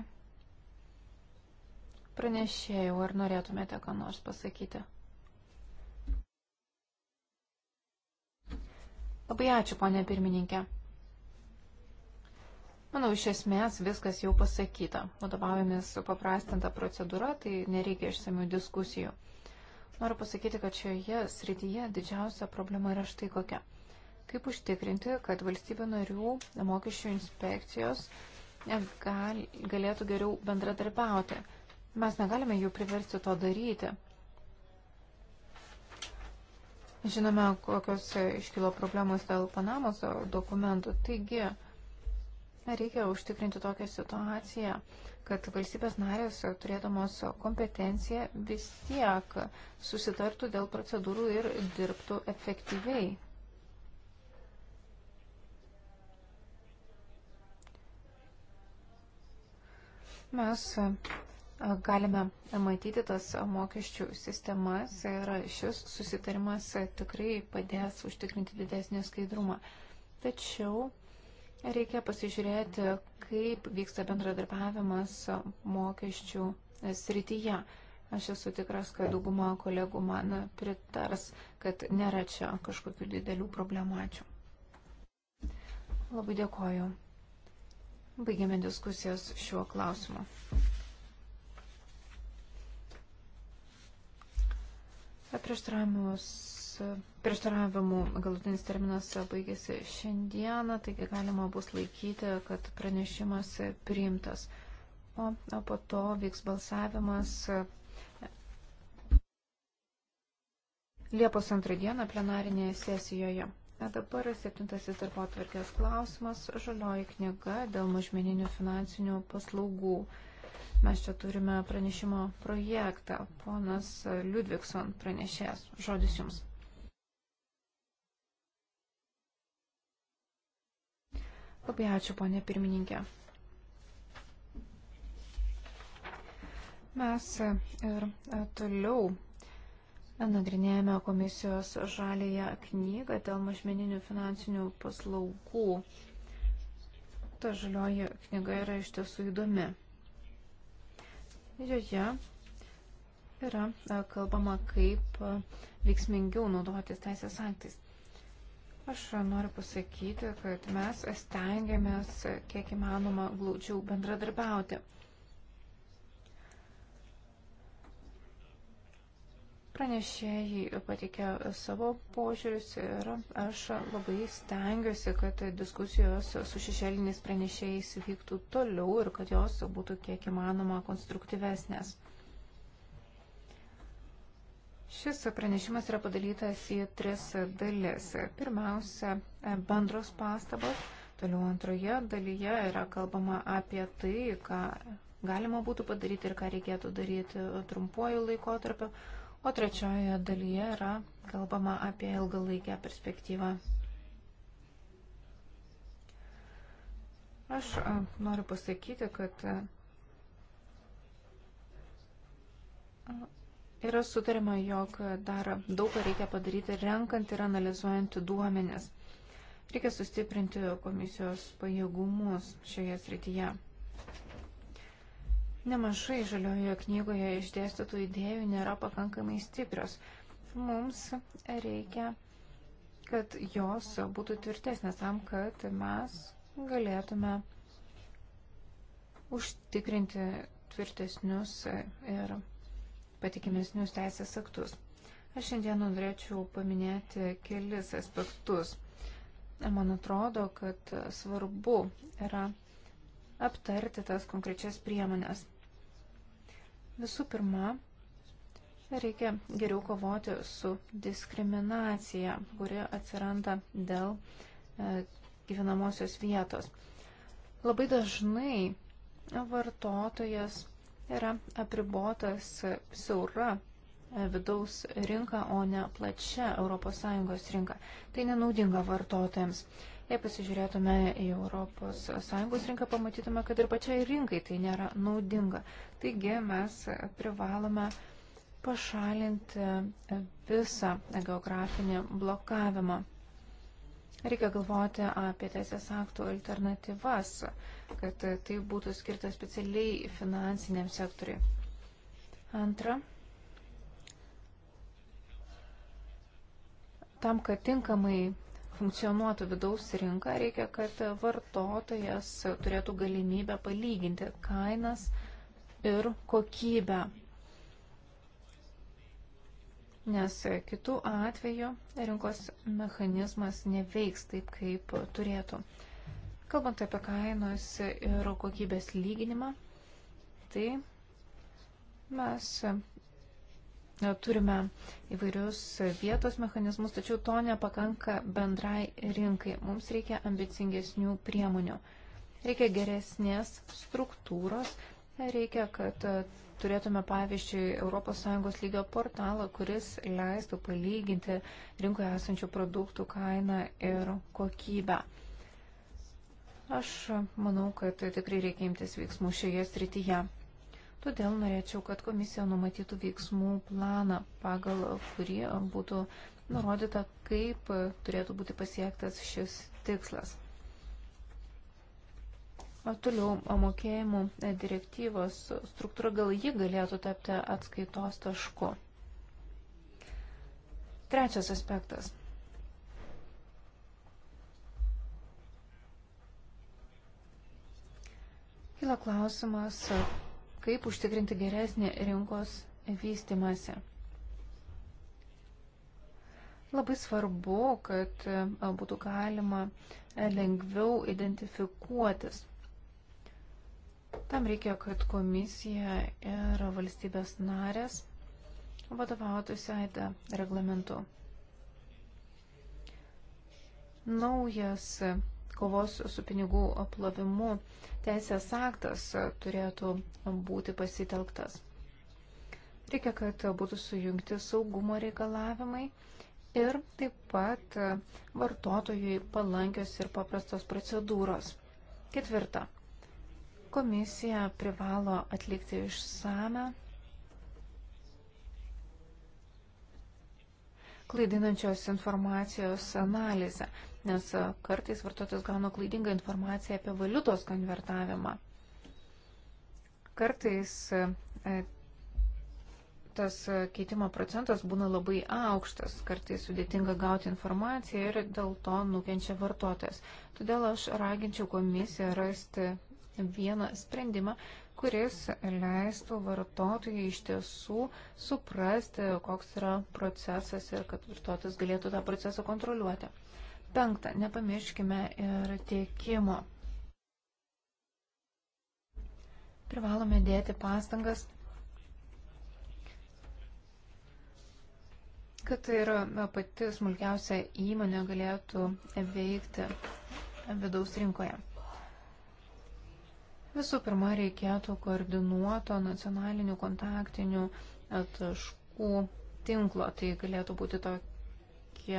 Pranešėjau, ar norėtumėte ką nors pasakyti? Labai ačiū, ponė pirmininkė. Manau, iš esmės viskas jau pasakyta. Vadovaujamės paprastinta procedūra, tai nereikia išsamių diskusijų. Noriu pasakyti, kad šioje srityje didžiausia problema yra štai kokia. Kaip užtikrinti, kad valstybių narių mokesčių inspekcijos gal, galėtų geriau bendradarbiauti. Mes negalime jų priversti to daryti. Žinome, kokios iškilo problemos dėl Panamos dokumentų. Taigi, Reikia užtikrinti tokią situaciją, kad valstybės narės, turėdamos kompetenciją, vis tiek susitartų dėl procedūrų ir dirbtų efektyviai. Mes e, galime matyti tas mokesčių sistemas ir šis susitarimas tikrai padės užtikrinti didesnį skaidrumą. Tačiau Reikia pasižiūrėti, kaip vyksta bendradarbiavimas mokesčių srityje. Aš esu tikras, kad dauguma kolegų man pritars, kad nėra čia kažkokių didelių problemų. Ačiū. Labai dėkoju. Baigiame diskusijas šiuo klausimu. Prieštravimus prieštaravimų galutinis terminas baigėsi šiandieną, taigi galima bus laikyti, kad pranešimas priimtas. O, o po to vyks balsavimas e, Liepos antrą dieną plenarinėje sesijoje. Na dabar septintasis darbo atvarkės klausimas - žalioji knyga dėl mažmeninių finansinių paslaugų. Mes čia turime pranešimo projektą. Ponas Liudvikson pranešės. Žodis jums. Labai ačiū, ponė pirmininkė. Mes ir toliau nagrinėjame komisijos žalėje knygą dėl mažmeninių finansinių paslaugų. Ta žalioji knyga yra iš tiesų įdomi. Joje yra kalbama, kaip veiksmingiau naudotis teisės aktais. Aš noriu pasakyti, kad mes stengiamės kiek įmanoma glaudžiau bendradarbiauti. Pranešėjai patikė savo požiūrius ir aš labai stengiuosi, kad diskusijos su šešėliniais pranešėjais vyktų toliau ir kad jos būtų kiek įmanoma konstruktyvesnės. Šis pranešimas yra padalytas į tris dalis. Pirmiausia, bendros pastabos, toliau antroje dalyje yra kalbama apie tai, ką galima būtų padaryti ir ką reikėtų daryti trumpuoju laikotarpiu, o trečioje dalyje yra kalbama apie ilgalaikę perspektyvą. Aš noriu pasakyti, kad Yra sutarima, jog dar daug ką reikia padaryti renkant ir analizuojant duomenis. Reikia sustiprinti komisijos pajėgumus šioje srityje. Nemažai žaliojoje knygoje išdėstytų idėjų nėra pakankamai stiprios. Mums reikia, kad jos būtų tvirtesnės tam, kad mes galėtume užtikrinti tvirtesnius ir patikimesnius teisės aktus. Aš šiandien norėčiau paminėti kelis aspektus. Man atrodo, kad svarbu yra aptarti tas konkrečias priemonės. Visų pirma, reikia geriau kovoti su diskriminacija, kuri atsiranda dėl e, gyvenamosios vietos. Labai dažnai vartotojas yra apribotas siaura vidaus rinka, o ne plačia ES rinka. Tai nenaudinga vartotojams. Jei pasižiūrėtume į ES rinką, pamatytume, kad ir pačiai rinkai tai nėra naudinga. Taigi mes privalome pašalinti visą geografinį blokavimą. Reikia galvoti apie teisės aktų alternatyvas, kad tai būtų skirta specialiai finansiniam sektoriui. Antra, tam, kad tinkamai funkcionuotų vidaus rinka, reikia, kad vartotojas turėtų galimybę palyginti kainas ir kokybę nes kitų atveju rinkos mechanizmas neveiks taip, kaip turėtų. Kalbant apie kainos ir kokybės lyginimą, tai mes turime įvairius vietos mechanizmus, tačiau to nepakanka bendrai rinkai. Mums reikia ambicingesnių priemonių. Reikia geresnės struktūros, Reikia, kad e, turėtume pavyzdžiui ES lygio portalą, kuris leistų palyginti rinkoje esančių produktų kainą ir kokybę. Aš manau, kad tikrai reikia imtis veiksmų šioje srityje. Todėl norėčiau, kad komisija numatytų veiksmų planą, pagal kurį būtų nurodyta, kaip turėtų būti pasiektas šis tikslas. Toliau mokėjimų e, direktyvos struktūra gal ji galėtų tapti atskaitos tašku. Trečias aspektas. Kila klausimas, kaip užtikrinti geresnį rinkos vystimąsi. Labai svarbu, kad būtų galima e, lengviau identifikuotis Tam reikia, kad komisija ir valstybės narės vadovautųsi AIDA reglamentu. Naujas kovos su pinigų plovimu teisės aktas turėtų būti pasitelktas. Reikia, kad būtų sujungti saugumo reikalavimai ir taip pat vartotojui palankios ir paprastos procedūros. Ketvirta. Komisija privalo atlikti išsame klaidinančios informacijos analizę, nes kartais vartotojas gauna klaidingą informaciją apie valiutos konvertavimą. Kartais e, tas keitimo procentas būna labai aukštas, kartais sudėtinga gauti informaciją ir dėl to nukenčia vartotojas. Todėl aš raginčiau komisiją rasti vieną sprendimą, kuris leistų vartotojai iš tiesų suprasti, koks yra procesas ir kad vartotojas galėtų tą procesą kontroliuoti. Penkta, nepamirškime ir tiekimo. Privalome dėti pastangas, kad ir pati smulkiausia įmonė galėtų veikti vidaus rinkoje. Visų pirma, reikėtų koordinuoto nacionalinių kontaktinių e, taškų tinklo. Tai galėtų būti tokie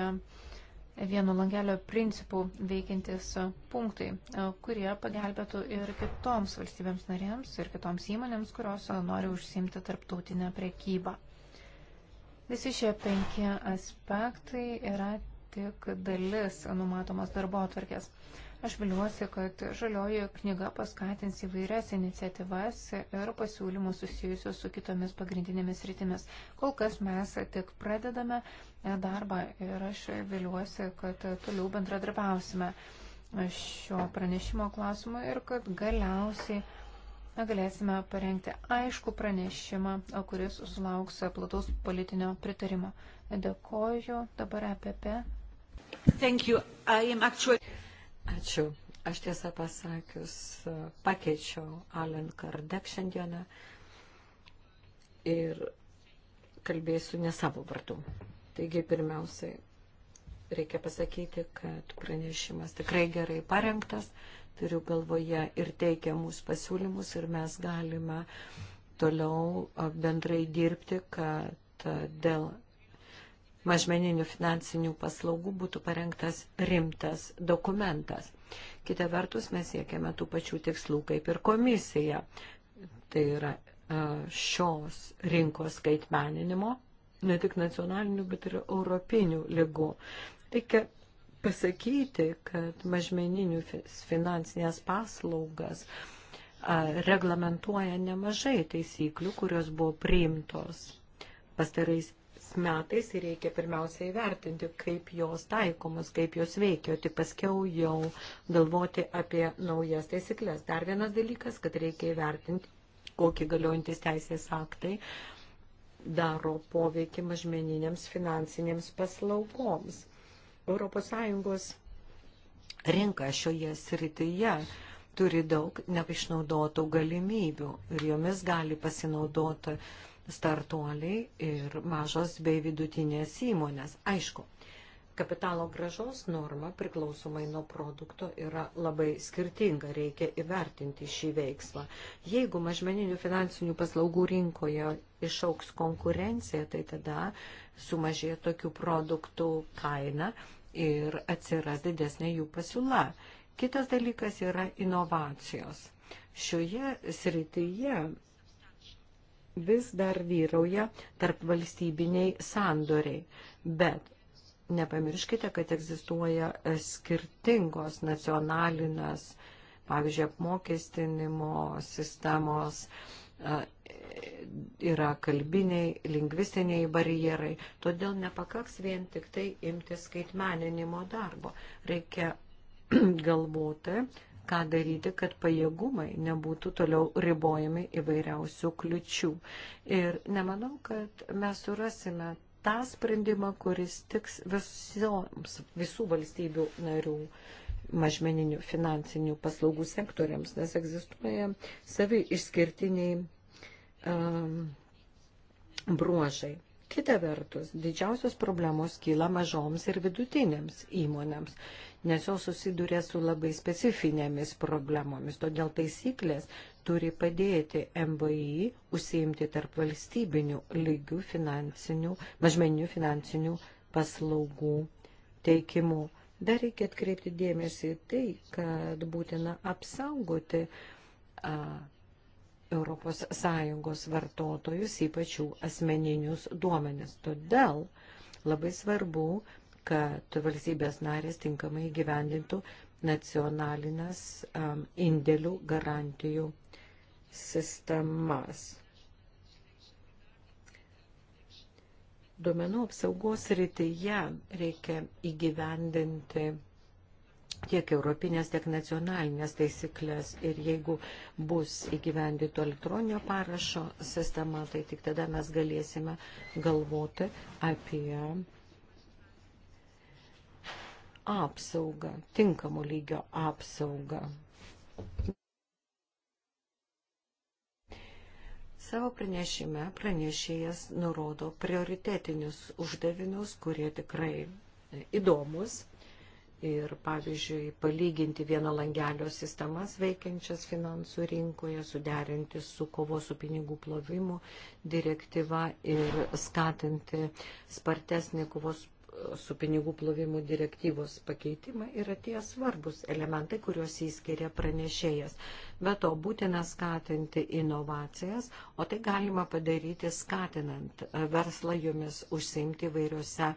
vieno langelio principų veikiantis punktai, e, kurie pagelbėtų ir kitoms valstybėms narėms, ir kitoms įmonėms, kurios e, nori užsimti tarptautinę prekybą. Visi šie penki aspektai yra tik dalis numatomos darbo atvarkės. Aš viliuosi, kad žalioji knyga paskatins įvairias iniciatyvas ir pasiūlymus susijusius su kitomis pagrindinėmis rytimis. Kol kas mes tik pradedame darbą ir aš viliuosi, kad toliau bendradarbiausime šio pranešimo klausimu ir kad galiausiai galėsime parengti aišku pranešimą, kuris sulauks plataus politinio pritarimo. Dėkoju dabar apie. Thank you. I am actually. Ačiū. Aš tiesą pasakius e, pakeičiau Alan Kardek šiandieną ir kalbėsiu ne savo vardu. Taigi pirmiausiai reikia pasakyti, kad pranešimas tikrai gerai parengtas, turiu galvoje ir teikiamus pasiūlymus ir mes galime toliau e, bendrai dirbti, kad e, dėl mažmeninių finansinių paslaugų būtų parengtas rimtas dokumentas. Kita vertus, mes siekiame tų pačių tikslų kaip ir komisija. Tai yra e, šios rinkos skaitmeninimo, ne tik nacionalinių, bet ir europinių lygų. Reikia pasakyti, kad mažmeninių finansinės paslaugas reglamentuoja nemažai taisyklių, kurios buvo priimtos pastarais metais ir reikia pirmiausiai įvertinti, kaip jos taikomus, kaip jos veikia, o tik paskiau jau galvoti apie naujas taisyklės. Dar vienas dalykas, kad reikia įvertinti, kokie galiojantis teisės aktai daro poveikį mažmeniniams finansinėms paslaugoms. ES rinka šioje srityje turi daug neišnaudotų galimybių ir jomis gali pasinaudoti startuoliai ir mažos bei vidutinės įmonės. Aišku, kapitalo gražos norma priklausomai nuo produkto yra labai skirtinga, reikia įvertinti šį veiksmą. Jeigu mažmeninių finansinių paslaugų rinkoje išauks konkurencija, tai tada sumažėja tokių produktų kaina ir atsiras didesnė jų pasiūla. Kitas dalykas yra inovacijos. Šioje srityje vis dar vyrauja tarp valstybiniai sandoriai. Bet nepamirškite, kad egzistuoja e, skirtingos nacionalinės, pavyzdžiui, apmokestinimo sistemos, e, yra kalbiniai, lingvistiniai barjerai. Todėl nepakaks vien tik tai imti skaitmeninimo darbo. Reikia galvoti ką daryti, kad pajėgumai nebūtų toliau ribojami įvairiausių kliučių. Ir nemanau, kad mes surasime tą sprendimą, kuris tiks visoms, visų valstybių narių mažmeninių finansinių paslaugų sektoriams, nes egzistuoja savi išskirtiniai um, bruožai. Kita vertus, didžiausios problemos kyla mažoms ir vidutinėms įmonėms nes jos susiduria su labai specifinėmis problemomis. Todėl taisyklės turi padėti MVI užsiimti tarp valstybinių lygių finansinių, mažmeninių finansinių paslaugų teikimų. Dar reikia atkreipti dėmesį į tai, kad būtina apsaugoti a, ES vartotojus, ypač jų asmeninius duomenis. Todėl labai svarbu kad valstybės narės tinkamai gyvendintų nacionalinės um, indėlių garantijų sistemas. Duomenų apsaugos rytyje reikia įgyvendinti tiek europinės, tiek nacionalinės taisyklės ir jeigu bus įgyvendito elektroninio parašo sistema, tai tik tada mes galėsime galvoti apie apsaugą, tinkamų lygio apsaugą. Savo pranešime pranešėjas nurodo prioritetinius uždavinius, kurie tikrai e, įdomus. Ir pavyzdžiui, palyginti vieno langelio sistemas veikiančias finansų rinkoje, suderinti su kovo su pinigų plovimu direktyva ir skatinti spartesnį kovos su su pinigų plovimu direktyvos pakeitimą yra tie svarbus elementai, kuriuos įskiria pranešėjas. Be to būtina skatinti inovacijas, o tai galima padaryti skatinant verslą jomis užsimti vairiuose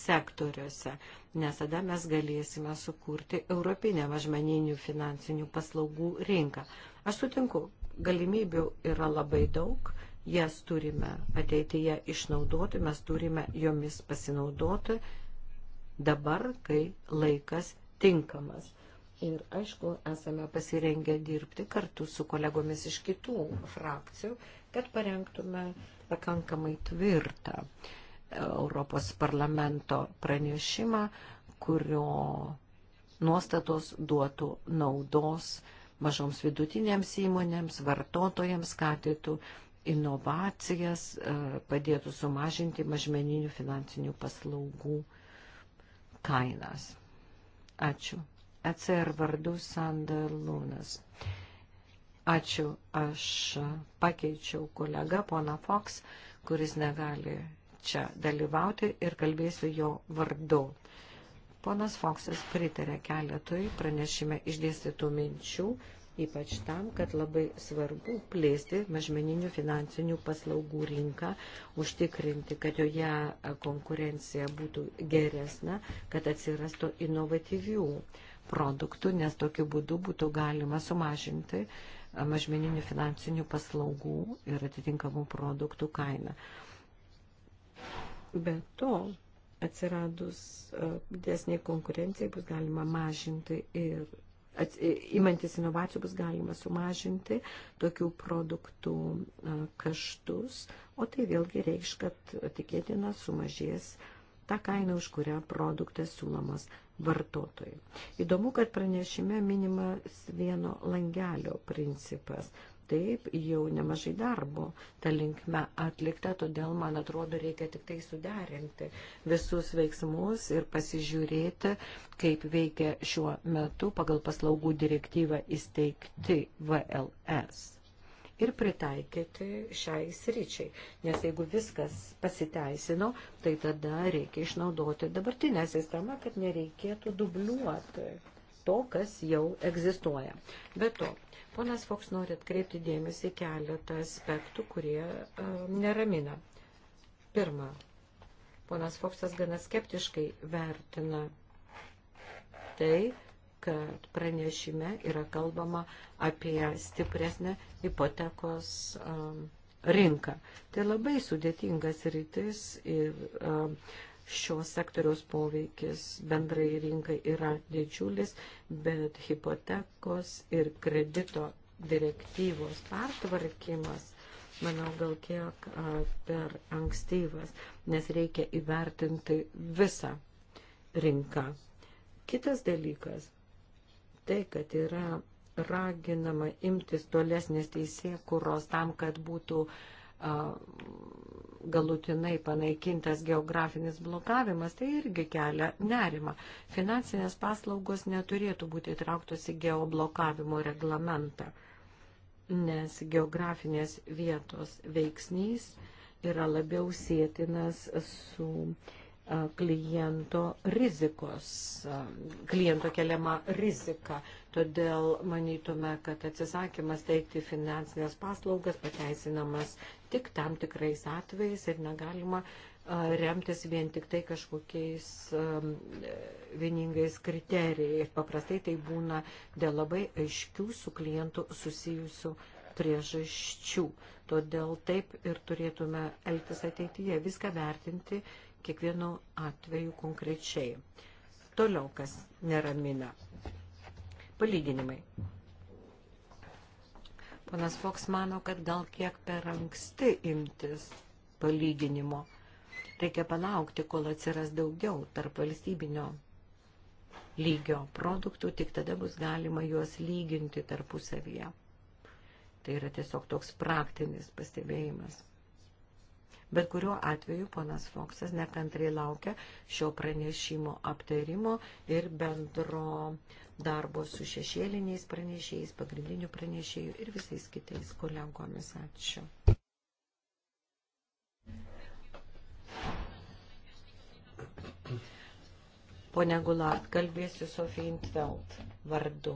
sektoriuose, nes tada mes galėsime sukurti europinę mažmeninių finansinių paslaugų rinką. Aš sutinku, galimybių yra labai daug jas turime ateityje išnaudoti, mes turime jomis pasinaudoti dabar, kai laikas tinkamas. Ir aišku, esame pasirengę dirbti kartu su kolegomis iš kitų frakcijų, kad parengtume pakankamai tvirtą Europos parlamento pranešimą, kurio nuostatos duotų naudos mažoms vidutinėms įmonėms, vartotojams skatytų inovacijas, e, padėtų sumažinti mažmeninių finansinių paslaugų kainas. Ačiū. ECR vardu Sandalūnas. Ačiū. Aš pakeičiau kolegą, pona Fox, kuris negali čia dalyvauti ir kalbėsiu jo vardu. Ponas Foksas pritarė keletui pranešime išdėstytų minčių, ypač tam, kad labai svarbu plėsti mažmeninių finansinių paslaugų rinką, užtikrinti, kad joje konkurencija būtų geresnė, kad atsirastų inovatyvių produktų, nes tokiu būdu būtų galima sumažinti mažmeninių finansinių paslaugų ir atitinkamų produktų kainą. Be to, atsiradus didesniai konkurencijai bus galima mažinti ir ats, imantis inovacijų bus galima sumažinti tokių produktų kaštus, o tai vėlgi reikš, kad tikėtina sumažės ta kaina, už kurią produktas siūlomas vartotojui. Įdomu, kad pranešime minimas vieno langelio principas taip jau nemažai darbo tą linkme atlikta, todėl, man atrodo, reikia tik tai suderinti visus veiksmus ir pasižiūrėti, kaip veikia šiuo metu pagal paslaugų direktyvą įsteigti VLS. Ir pritaikyti šiai sričiai. Nes jeigu viskas pasiteisino, tai tada reikia išnaudoti dabartinę sistemą, kad nereikėtų dubliuoti to, kas jau egzistuoja. Be to, ponas Foks nori atkreipti dėmesį keletą aspektų, kurie uh, neramina. Pirma, ponas Foksas gana skeptiškai vertina tai, kad pranešime yra kalbama apie stipresnę ipotekos um, e, rinką. Tai labai sudėtingas rytis ir um, šios sektoriaus poveikis bendrai rinkai yra didžiulis, bet hipotekos ir kredito direktyvos pertvarkymas, manau, gal kiek per ankstyvas, nes reikia įvertinti visą rinką. Kitas dalykas, tai, kad yra raginama imtis tolesnės teisėkuros tam, kad būtų uh, galutinai panaikintas geografinis blokavimas, tai irgi kelia nerima. Finansinės paslaugos neturėtų būti įtrauktos į geoblokavimo reglamentą, nes geografinės vietos veiksnys yra labiau sėtinas su kliento rizikos, kliento keliama rizika. Todėl manytume, kad atsisakymas teikti finansinės paslaugas pateisinamas tik tam tikrais atvejais ir negalima remtis vien tik tai kažkokiais vieningais kriterijais. Paprastai tai būna dėl labai aiškių su klientu susijusių priežasčių. Todėl taip ir turėtume elgtis ateityje, viską vertinti kiekvienu atveju konkrečiai. Toliau, kas neramina palyginimai. Ponas Foks mano, kad gal kiek per anksti imtis palyginimo. Reikia palaukti, kol atsiras daugiau tarp valstybinio lygio produktų, tik tada bus galima juos lyginti tarpusavyje. Tai yra tiesiog toks praktinis pastebėjimas. Bet kuriuo atveju ponas Foksas nekantrai laukia šio pranešimo aptarimo ir bendro darbo su šešėliniais pranešėjais, pagrindiniu pranešėju ir visais kitais kolegomis. Ačiū. Pone Gulart, kalbėsiu Sofija Intveld vardu.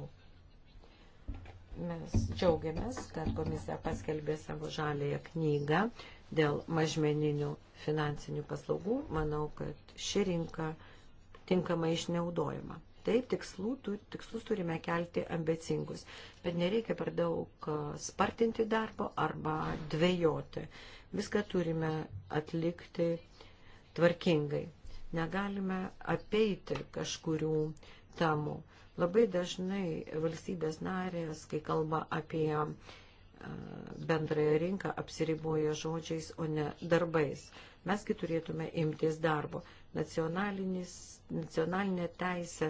Mes džiaugiamės, kad komisija paskelbė savo žalėją knygą dėl mažmeninių finansinių paslaugų, manau, kad ši rinka tinkamai išnaudojama. Taip, tikslų, tu, tikslus turime kelti ambicingus, bet nereikia per daug e, spartinti darbo arba dvėjoti. Viską turime atlikti tvarkingai. Negalime apeiti kažkurių temų. Labai dažnai valstybės narės, kai kalba apie uh, bendrąją rinką apsiriboja žodžiais, o ne darbais. Mesgi turėtume imtis darbo. Nacionalinė teisė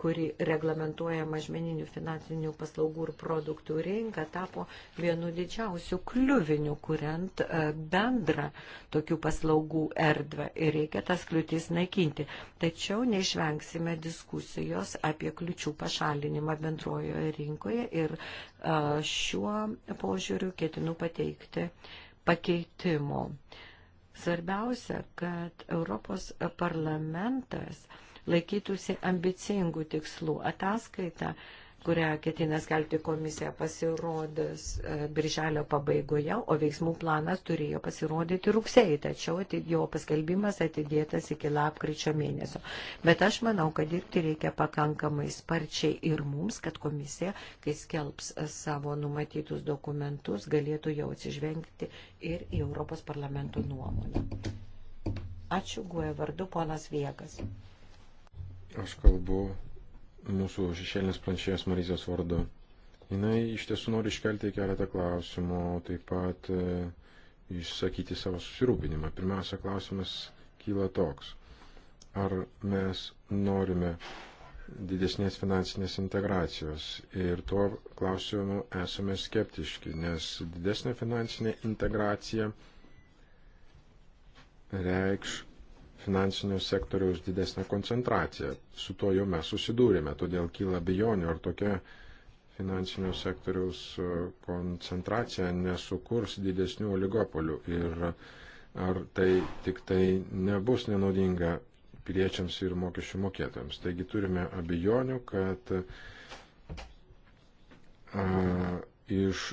kuri reglamentuoja mažmeninių finansinių paslaugų ir produktų rinką, tapo vienu didžiausių kliuvinių, kuriant e, bendrą tokių paslaugų erdvę ir reikia tas kliūtis naikinti. Tačiau neišvengsime diskusijos apie kliučių pašalinimą bendrojoje rinkoje ir e, šiuo požiūriu ketinu pateikti pakeitimų. Svarbiausia, kad Europos parlamentas uh, laikytųsi ambicingų tikslų. Ataskaita, kurią ketina skelbti komisija, pasirodys e, birželio pabaigoje, o veiksmų planas turėjo pasirodyti rugsėjai, tačiau jo paskelbimas atidėtas iki lapkričio mėnesio. Bet aš manau, kad dirbti reikia pakankamai sparčiai ir mums, kad komisija, kai skelbs e, savo numatytus dokumentus, galėtų jau atsižvengti ir į Europos parlamento nuomonę. Ačiū, guoja vardu ponas Viegas. Aš kalbu mūsų šešėlinės pranešėjos Marizijos vardu. Jis iš tiesų nori iškelti keletą klausimų, taip pat e, išsakyti savo susirūpinimą. Pirmiausia, klausimas kyla toks. Ar mes norime didesnės finansinės integracijos. Ir tuo klausimu esame skeptiški, nes didesnė finansinė integracija reikš finansinio sektoriaus didesnę koncentraciją. Su tuo jau mes susidūrėme, todėl kyla bijonių, ar tokia finansinio sektoriaus e, koncentracija nesukurs didesnių oligopolių ir ar tai tik tai nebus nenaudinga piliečiams ir mokesčių mokėtojams. Taigi turime abejonių, kad a, e, iš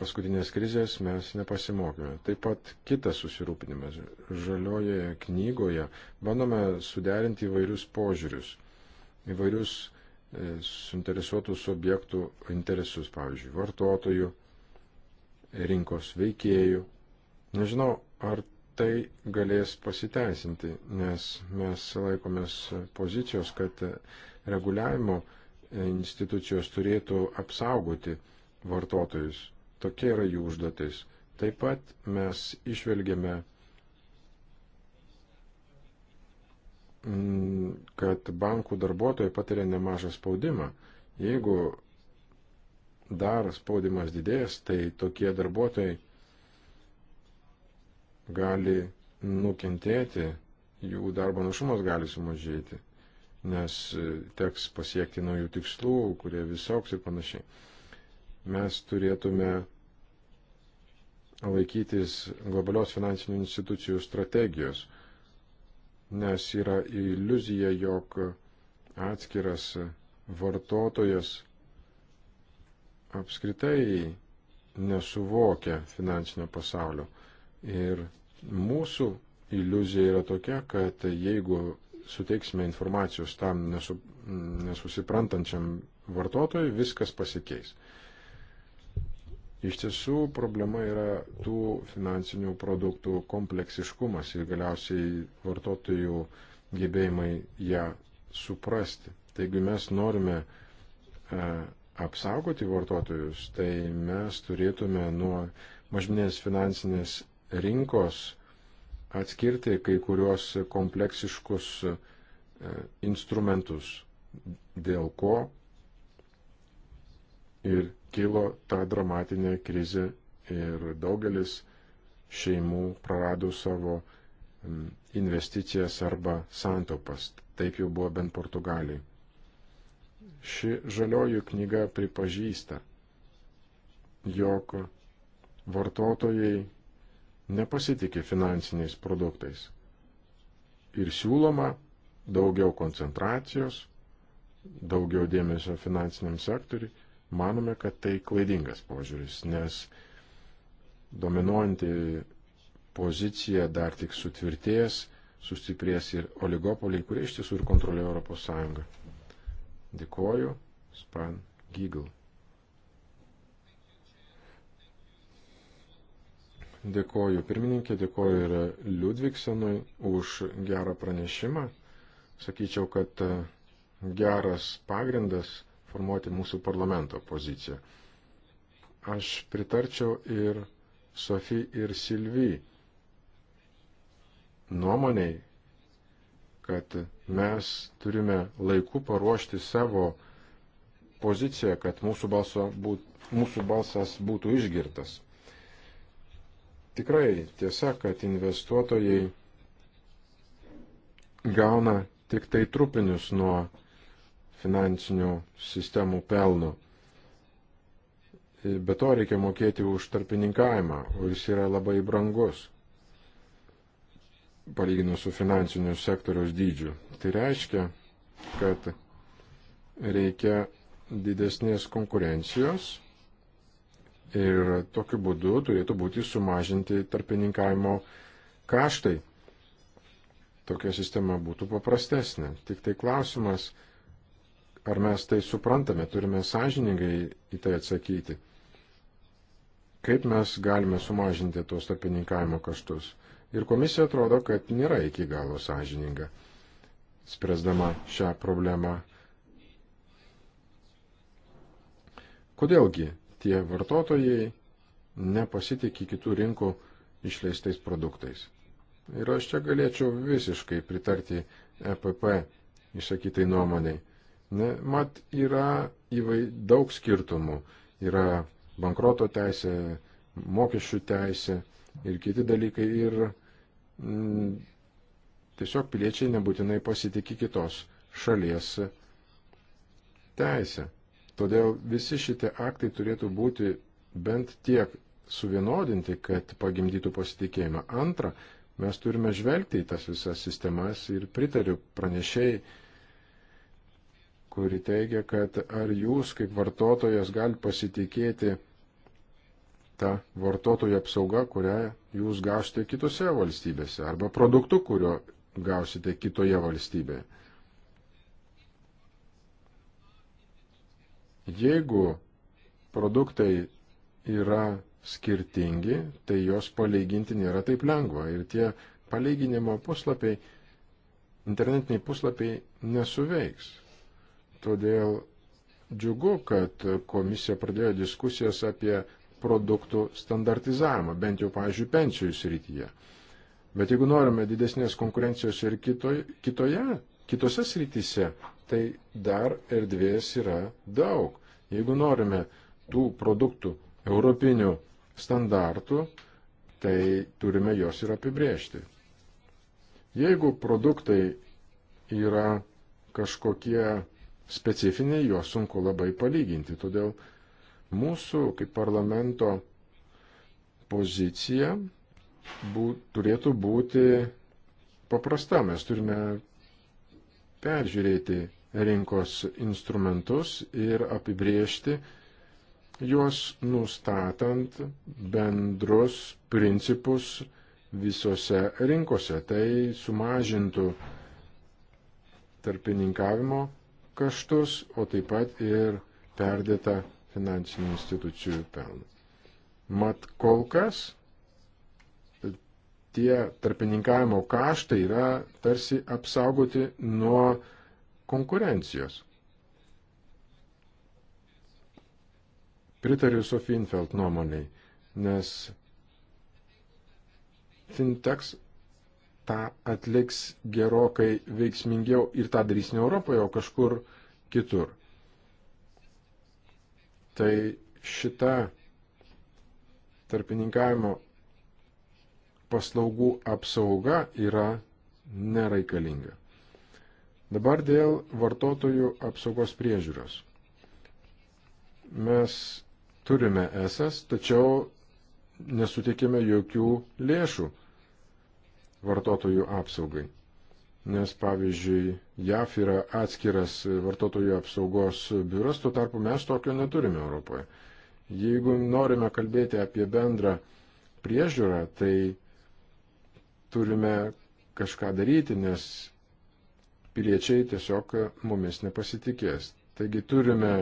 paskutinės krizės mes nepasimokėme. Taip pat kitas susirūpinimas. Žaliojoje knygoje bandome suderinti įvairius požiūrius, įvairius e, suinteresuotų subjektų interesus, pavyzdžiui, vartotojų, rinkos veikėjų. Nežinau, ar tai galės pasiteisinti, nes mes laikomės pozicijos, kad reguliavimo institucijos turėtų apsaugoti vartotojus. Tokia yra jų užduotis. Taip pat mes išvelgėme, mm, kad bankų darbuotojai patiria nemažą spaudimą. Jeigu dar spaudimas didės, tai tokie darbuotojai gali nukentėti, jų darbo našumas gali sumažėti, nes teks pasiekti naujų tikslų, kurie visoks ir panašiai mes turėtume laikytis globalios finansinių institucijų strategijos, nes yra iliuzija, jog atskiras vartotojas apskritai nesuvokia finansinio pasaulio. Ir mūsų iliuzija yra tokia, kad jeigu suteiksime informacijos tam nesu, nesusiprantančiam vartotojui, viskas pasikeis. Iš tiesų problema yra tų finansinių produktų kompleksiškumas ir galiausiai vartotojų gebėjimai ją suprasti. Tai jeigu mes norime e, apsaugoti vartotojus, tai mes turėtume nuo mažminės finansinės rinkos atskirti kai kuriuos kompleksiškus e, instrumentus, dėl ko ir kilo ta dramatinė krizė ir daugelis šeimų prarado savo investicijas arba santaupas. Taip jau buvo bent Portugaliai. Ši žalioji knyga pripažįsta, jog vartotojai nepasitikė finansiniais produktais. Ir siūloma daugiau koncentracijos, daugiau dėmesio finansiniam sektoriui Manome, kad tai klaidingas požiūris, nes dominuojanti pozicija dar tik sutvirtės, sustiprės ir oligopoliai, kurie iš tiesų ir kontroliuoja Europos Sąjungą. Dėkoju, Span Giggle. Dėkoju pirmininkė, dėkoju ir Liudviksenui už gerą pranešimą. Sakyčiau, kad geras pagrindas formuoti mūsų parlamento poziciją. Aš pritarčiau ir Sofi ir Silvi nuomoniai, kad mes turime laiku paruošti savo poziciją, kad mūsų, būt, mūsų balsas būtų išgirtas. Tikrai tiesa, kad investuotojai gauna tik tai trupinius nuo finansinių sistemų pelno. Be to reikia mokėti už tarpininkavimą, o jis yra labai brangus, palyginus su finansiniu sektoriaus dydžiu. Tai reiškia, kad reikia didesnės konkurencijos ir tokiu būdu turėtų būti sumažinti tarpininkavimo kaštai. Tokia sistema būtų paprastesnė. Tik tai klausimas, Ar mes tai suprantame, turime sąžiningai į tai atsakyti. Kaip mes galime sumažinti tuos tarpininkavimo kaštus? Ir komisija atrodo, kad nėra iki galo sąžininga, spręsdama šią problemą. Kodėlgi tie vartotojai nepasitikė kitų rinkų išleistais produktais? Ir aš čia galėčiau visiškai pritarti EPP išsakytai nuomoniai. Ne, mat yra įvai, daug skirtumų. Yra bankroto teisė, mokesčių teisė ir kiti dalykai. Ir m, mm, tiesiog piliečiai nebūtinai pasitikė kitos šalies teisę. Todėl visi šitie aktai turėtų būti bent tiek suvienodinti, kad pagimdytų pasitikėjimą. Antra, mes turime žvelgti į tas visas sistemas ir pritariu pranešėjai kuri teigia, kad ar jūs kaip vartotojas gali pasitikėti tą vartotojų apsaugą, kurią jūs gausite kitose valstybėse, arba produktu, kurio gausite kitoje valstybėje. Jeigu produktai yra skirtingi, tai jos palyginti nėra taip lengva ir tie palyginimo puslapiai, internetiniai puslapiai nesuveiks. Todėl džiugu, kad komisija pradėjo diskusijas apie produktų standartizavimą, bent jau, pavyzdžiui, pensijų srityje. Bet jeigu norime didesnės konkurencijos ir kitoje, kitoje kitose srityse, tai dar erdvės yra daug. Jeigu norime tų produktų europinių standartų, tai turime juos ir apibriežti. Jeigu produktai yra kažkokie specifiniai, juos sunku labai palyginti. Todėl mūsų kaip parlamento pozicija būt, turėtų būti paprasta. Mes turime peržiūrėti rinkos instrumentus ir apibriežti juos nustatant bendrus principus visose rinkose. Tai sumažintų tarpininkavimo kaštus, o taip pat ir perdėtą finansinių institucijų pelną. Mat kol kas tie tarpininkavimo kaštai yra tarsi apsaugoti nuo konkurencijos. Pritariu Sofinfeld nuomoniai, nes fintechs tą atliks gerokai veiksmingiau ir tą darys ne Europoje, o kažkur kitur. Tai šita tarpininkavimo paslaugų apsauga yra nereikalinga. Dabar dėl vartotojų apsaugos priežiūros. Mes turime esas, tačiau nesutikime jokių lėšų vartotojų apsaugai. Nes, pavyzdžiui, JAF yra atskiras vartotojų apsaugos biuras, tuo tarpu mes tokio neturime Europoje. Jeigu norime kalbėti apie bendrą priežiūrą, tai turime kažką daryti, nes piliečiai tiesiog mumis nepasitikės. Taigi turime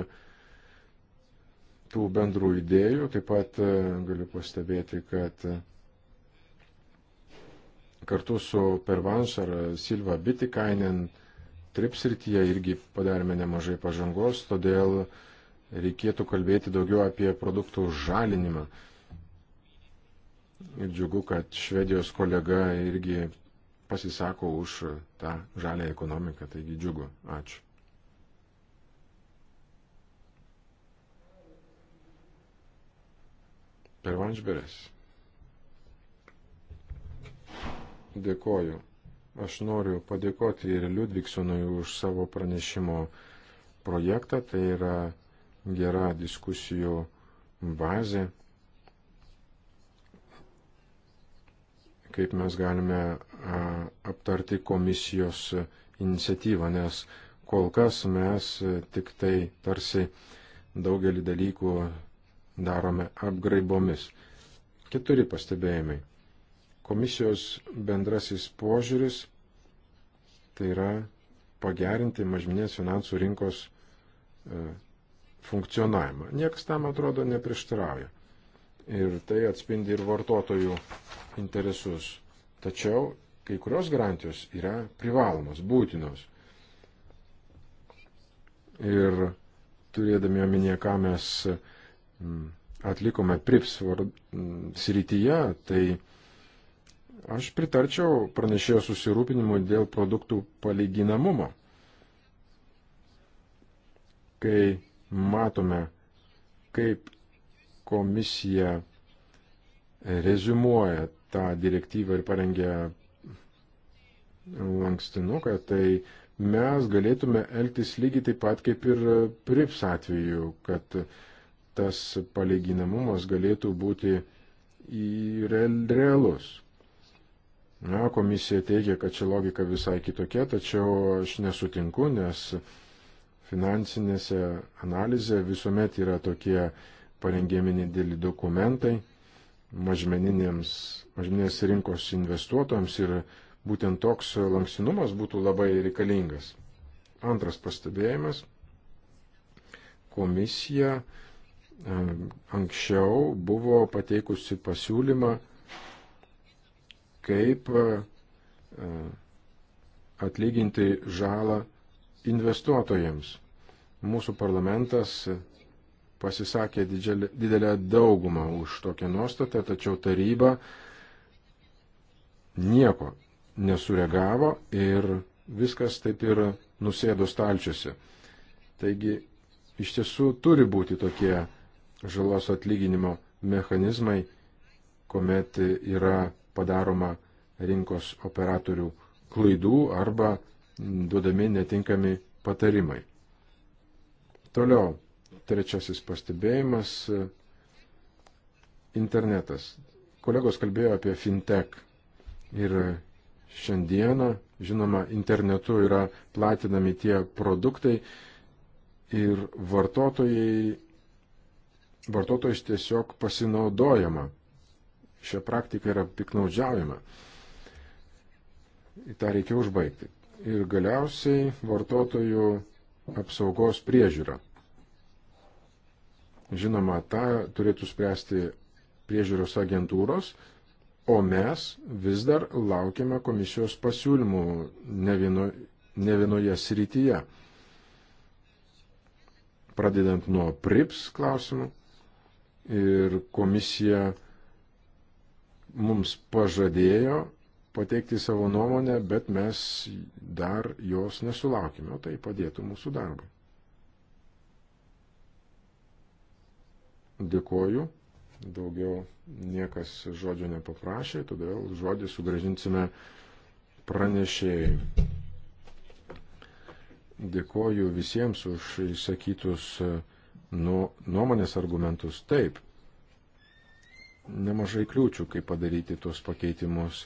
tų bendrų idėjų, taip pat e, galiu pastebėti, kad kartu su Pervanš ar Silva Bitikainen trips rytyje irgi padarėme nemažai pažangos, todėl reikėtų kalbėti daugiau apie produktų žalinimą. Ir džiugu, kad Švedijos kolega irgi pasisako už tą žalę ekonomiką, taigi džiugu. Ačiū. Pervanš Beres. Dėkoju. Aš noriu padėkoti ir Liudviksonui už savo pranešimo projektą. Tai yra gera diskusijų bazė, kaip mes galime aptarti komisijos iniciatyvą, nes kol kas mes tik tai tarsi daugelį dalykų darome apgraibomis. Keturi pastebėjimai. Komisijos bendrasis požiūris tai yra pagerinti mažminės finansų rinkos e, funkcionavimą. Niekas tam atrodo neprieštarauja. Ir tai atspindi ir vartotojų interesus. Tačiau kai kurios garantijos yra privalomos, būtinos. Ir turėdami omenyje, ką mes mm, atlikome PRIPS mm, srityje, tai Aš pritarčiau pranešėjo susirūpinimu dėl produktų palyginamumo. Kai matome, kaip komisija rezumuoja tą direktyvą ir parengia lankstinuką, tai mes galėtume elgtis lygiai taip pat kaip ir prips atveju, kad tas palyginamumas galėtų būti realus. Na, komisija teigia, kad čia logika visai kitokia, tačiau aš nesutinku, nes finansinėse analizė visuomet yra tokie parengiami nedėlį dokumentai mažmeninėms, mažmeninės rinkos investuotojams ir būtent toks lankstinumas būtų labai reikalingas. Antras pastebėjimas. Komisija anksčiau buvo pateikusi pasiūlymą kaip e, e, atlyginti žalą investuotojams. Mūsų parlamentas pasisakė didžiulę, didelę daugumą už tokią nuostatą, tačiau taryba nieko nesureagavo ir viskas taip ir nusėdo stalčiuose. Taigi iš tiesų turi būti tokie žalos atlyginimo mechanizmai, kuomet yra padaroma rinkos operatorių klaidų arba duodami netinkami patarimai. Toliau, trečiasis pastebėjimas - internetas. Kolegos kalbėjo apie fintech ir šiandieną, žinoma, internetu yra platinami tie produktai ir vartotojai, vartotojais tiesiog pasinaudojama šią praktiką yra piknaudžiaujama. Į tą reikia užbaigti. Ir galiausiai vartotojų apsaugos priežiūra. Žinoma, tą turėtų spręsti priežiūros agentūros, o mes vis dar laukiame komisijos pasiūlymų ne, vieno, ne vienoje srityje. Pradedant nuo PRIPS klausimų ir komisija mums pažadėjo pateikti savo nuomonę, bet mes dar jos nesulaukime, o tai padėtų mūsų darbui. Dėkoju, daugiau niekas žodžio nepaprašė, todėl žodį sugražinsime pranešėjai. Dėkoju visiems už išsakytus nu, nuomonės argumentus. Taip, nemažai kliūčių, kaip padaryti tuos pakeitimus.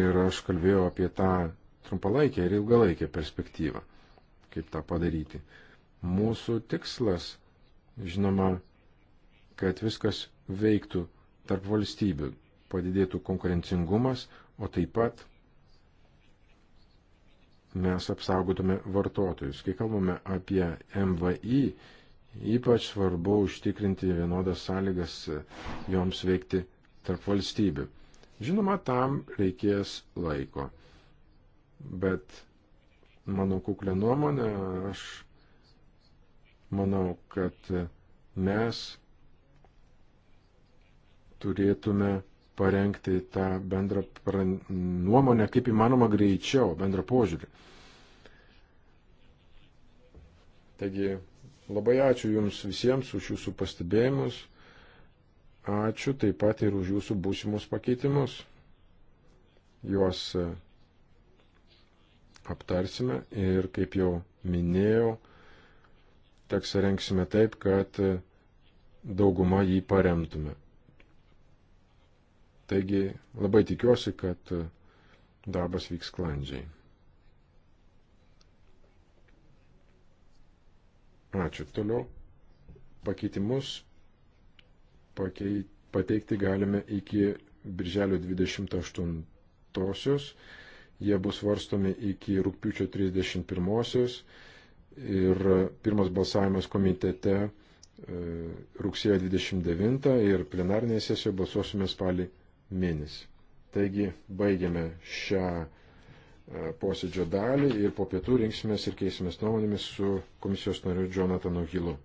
Ir aš kalbėjau apie tą trumpalaikę ir ilgalaikę perspektyvą, kaip tą padaryti. Mūsų tikslas, žinoma, kad viskas veiktų tarp valstybių, padidėtų konkurencingumas, o taip pat mes apsaugotume vartotojus. Kai kalbame apie MVI, Ypač svarbu užtikrinti vienodas sąlygas e, joms veikti tarp valstybių. Žinoma, tam reikės laiko. Bet mano kuklė nuomonė, aš manau, kad mes turėtume parengti tą bendrą nuomonę kaip įmanoma greičiau, bendrą požiūrį. Taigi Labai ačiū Jums visiems už Jūsų pastebėjimus. Ačiū taip pat ir už Jūsų būsimus pakeitimus. Juos e, aptarsime ir, kaip jau minėjau, tekstą renksime taip, kad e, daugumą jį paremtume. Taigi labai tikiuosi, kad e, darbas vyks sklandžiai. Ačiū. Toliau pakeitimus pakei, pateikti galime iki birželio 28-osios. Jie bus varstomi iki rūpiučio 31-osios ir pirmas balsavimas komitete e, rugsėjo 29 ir plenarnėje sesijoje balsuosime spalį mėnesį. Taigi baigiame šią E, posėdžio dalį ir po pietų rinksimės ir keisimės nuomonėmis su komisijos nariu Jonatanu Hillu.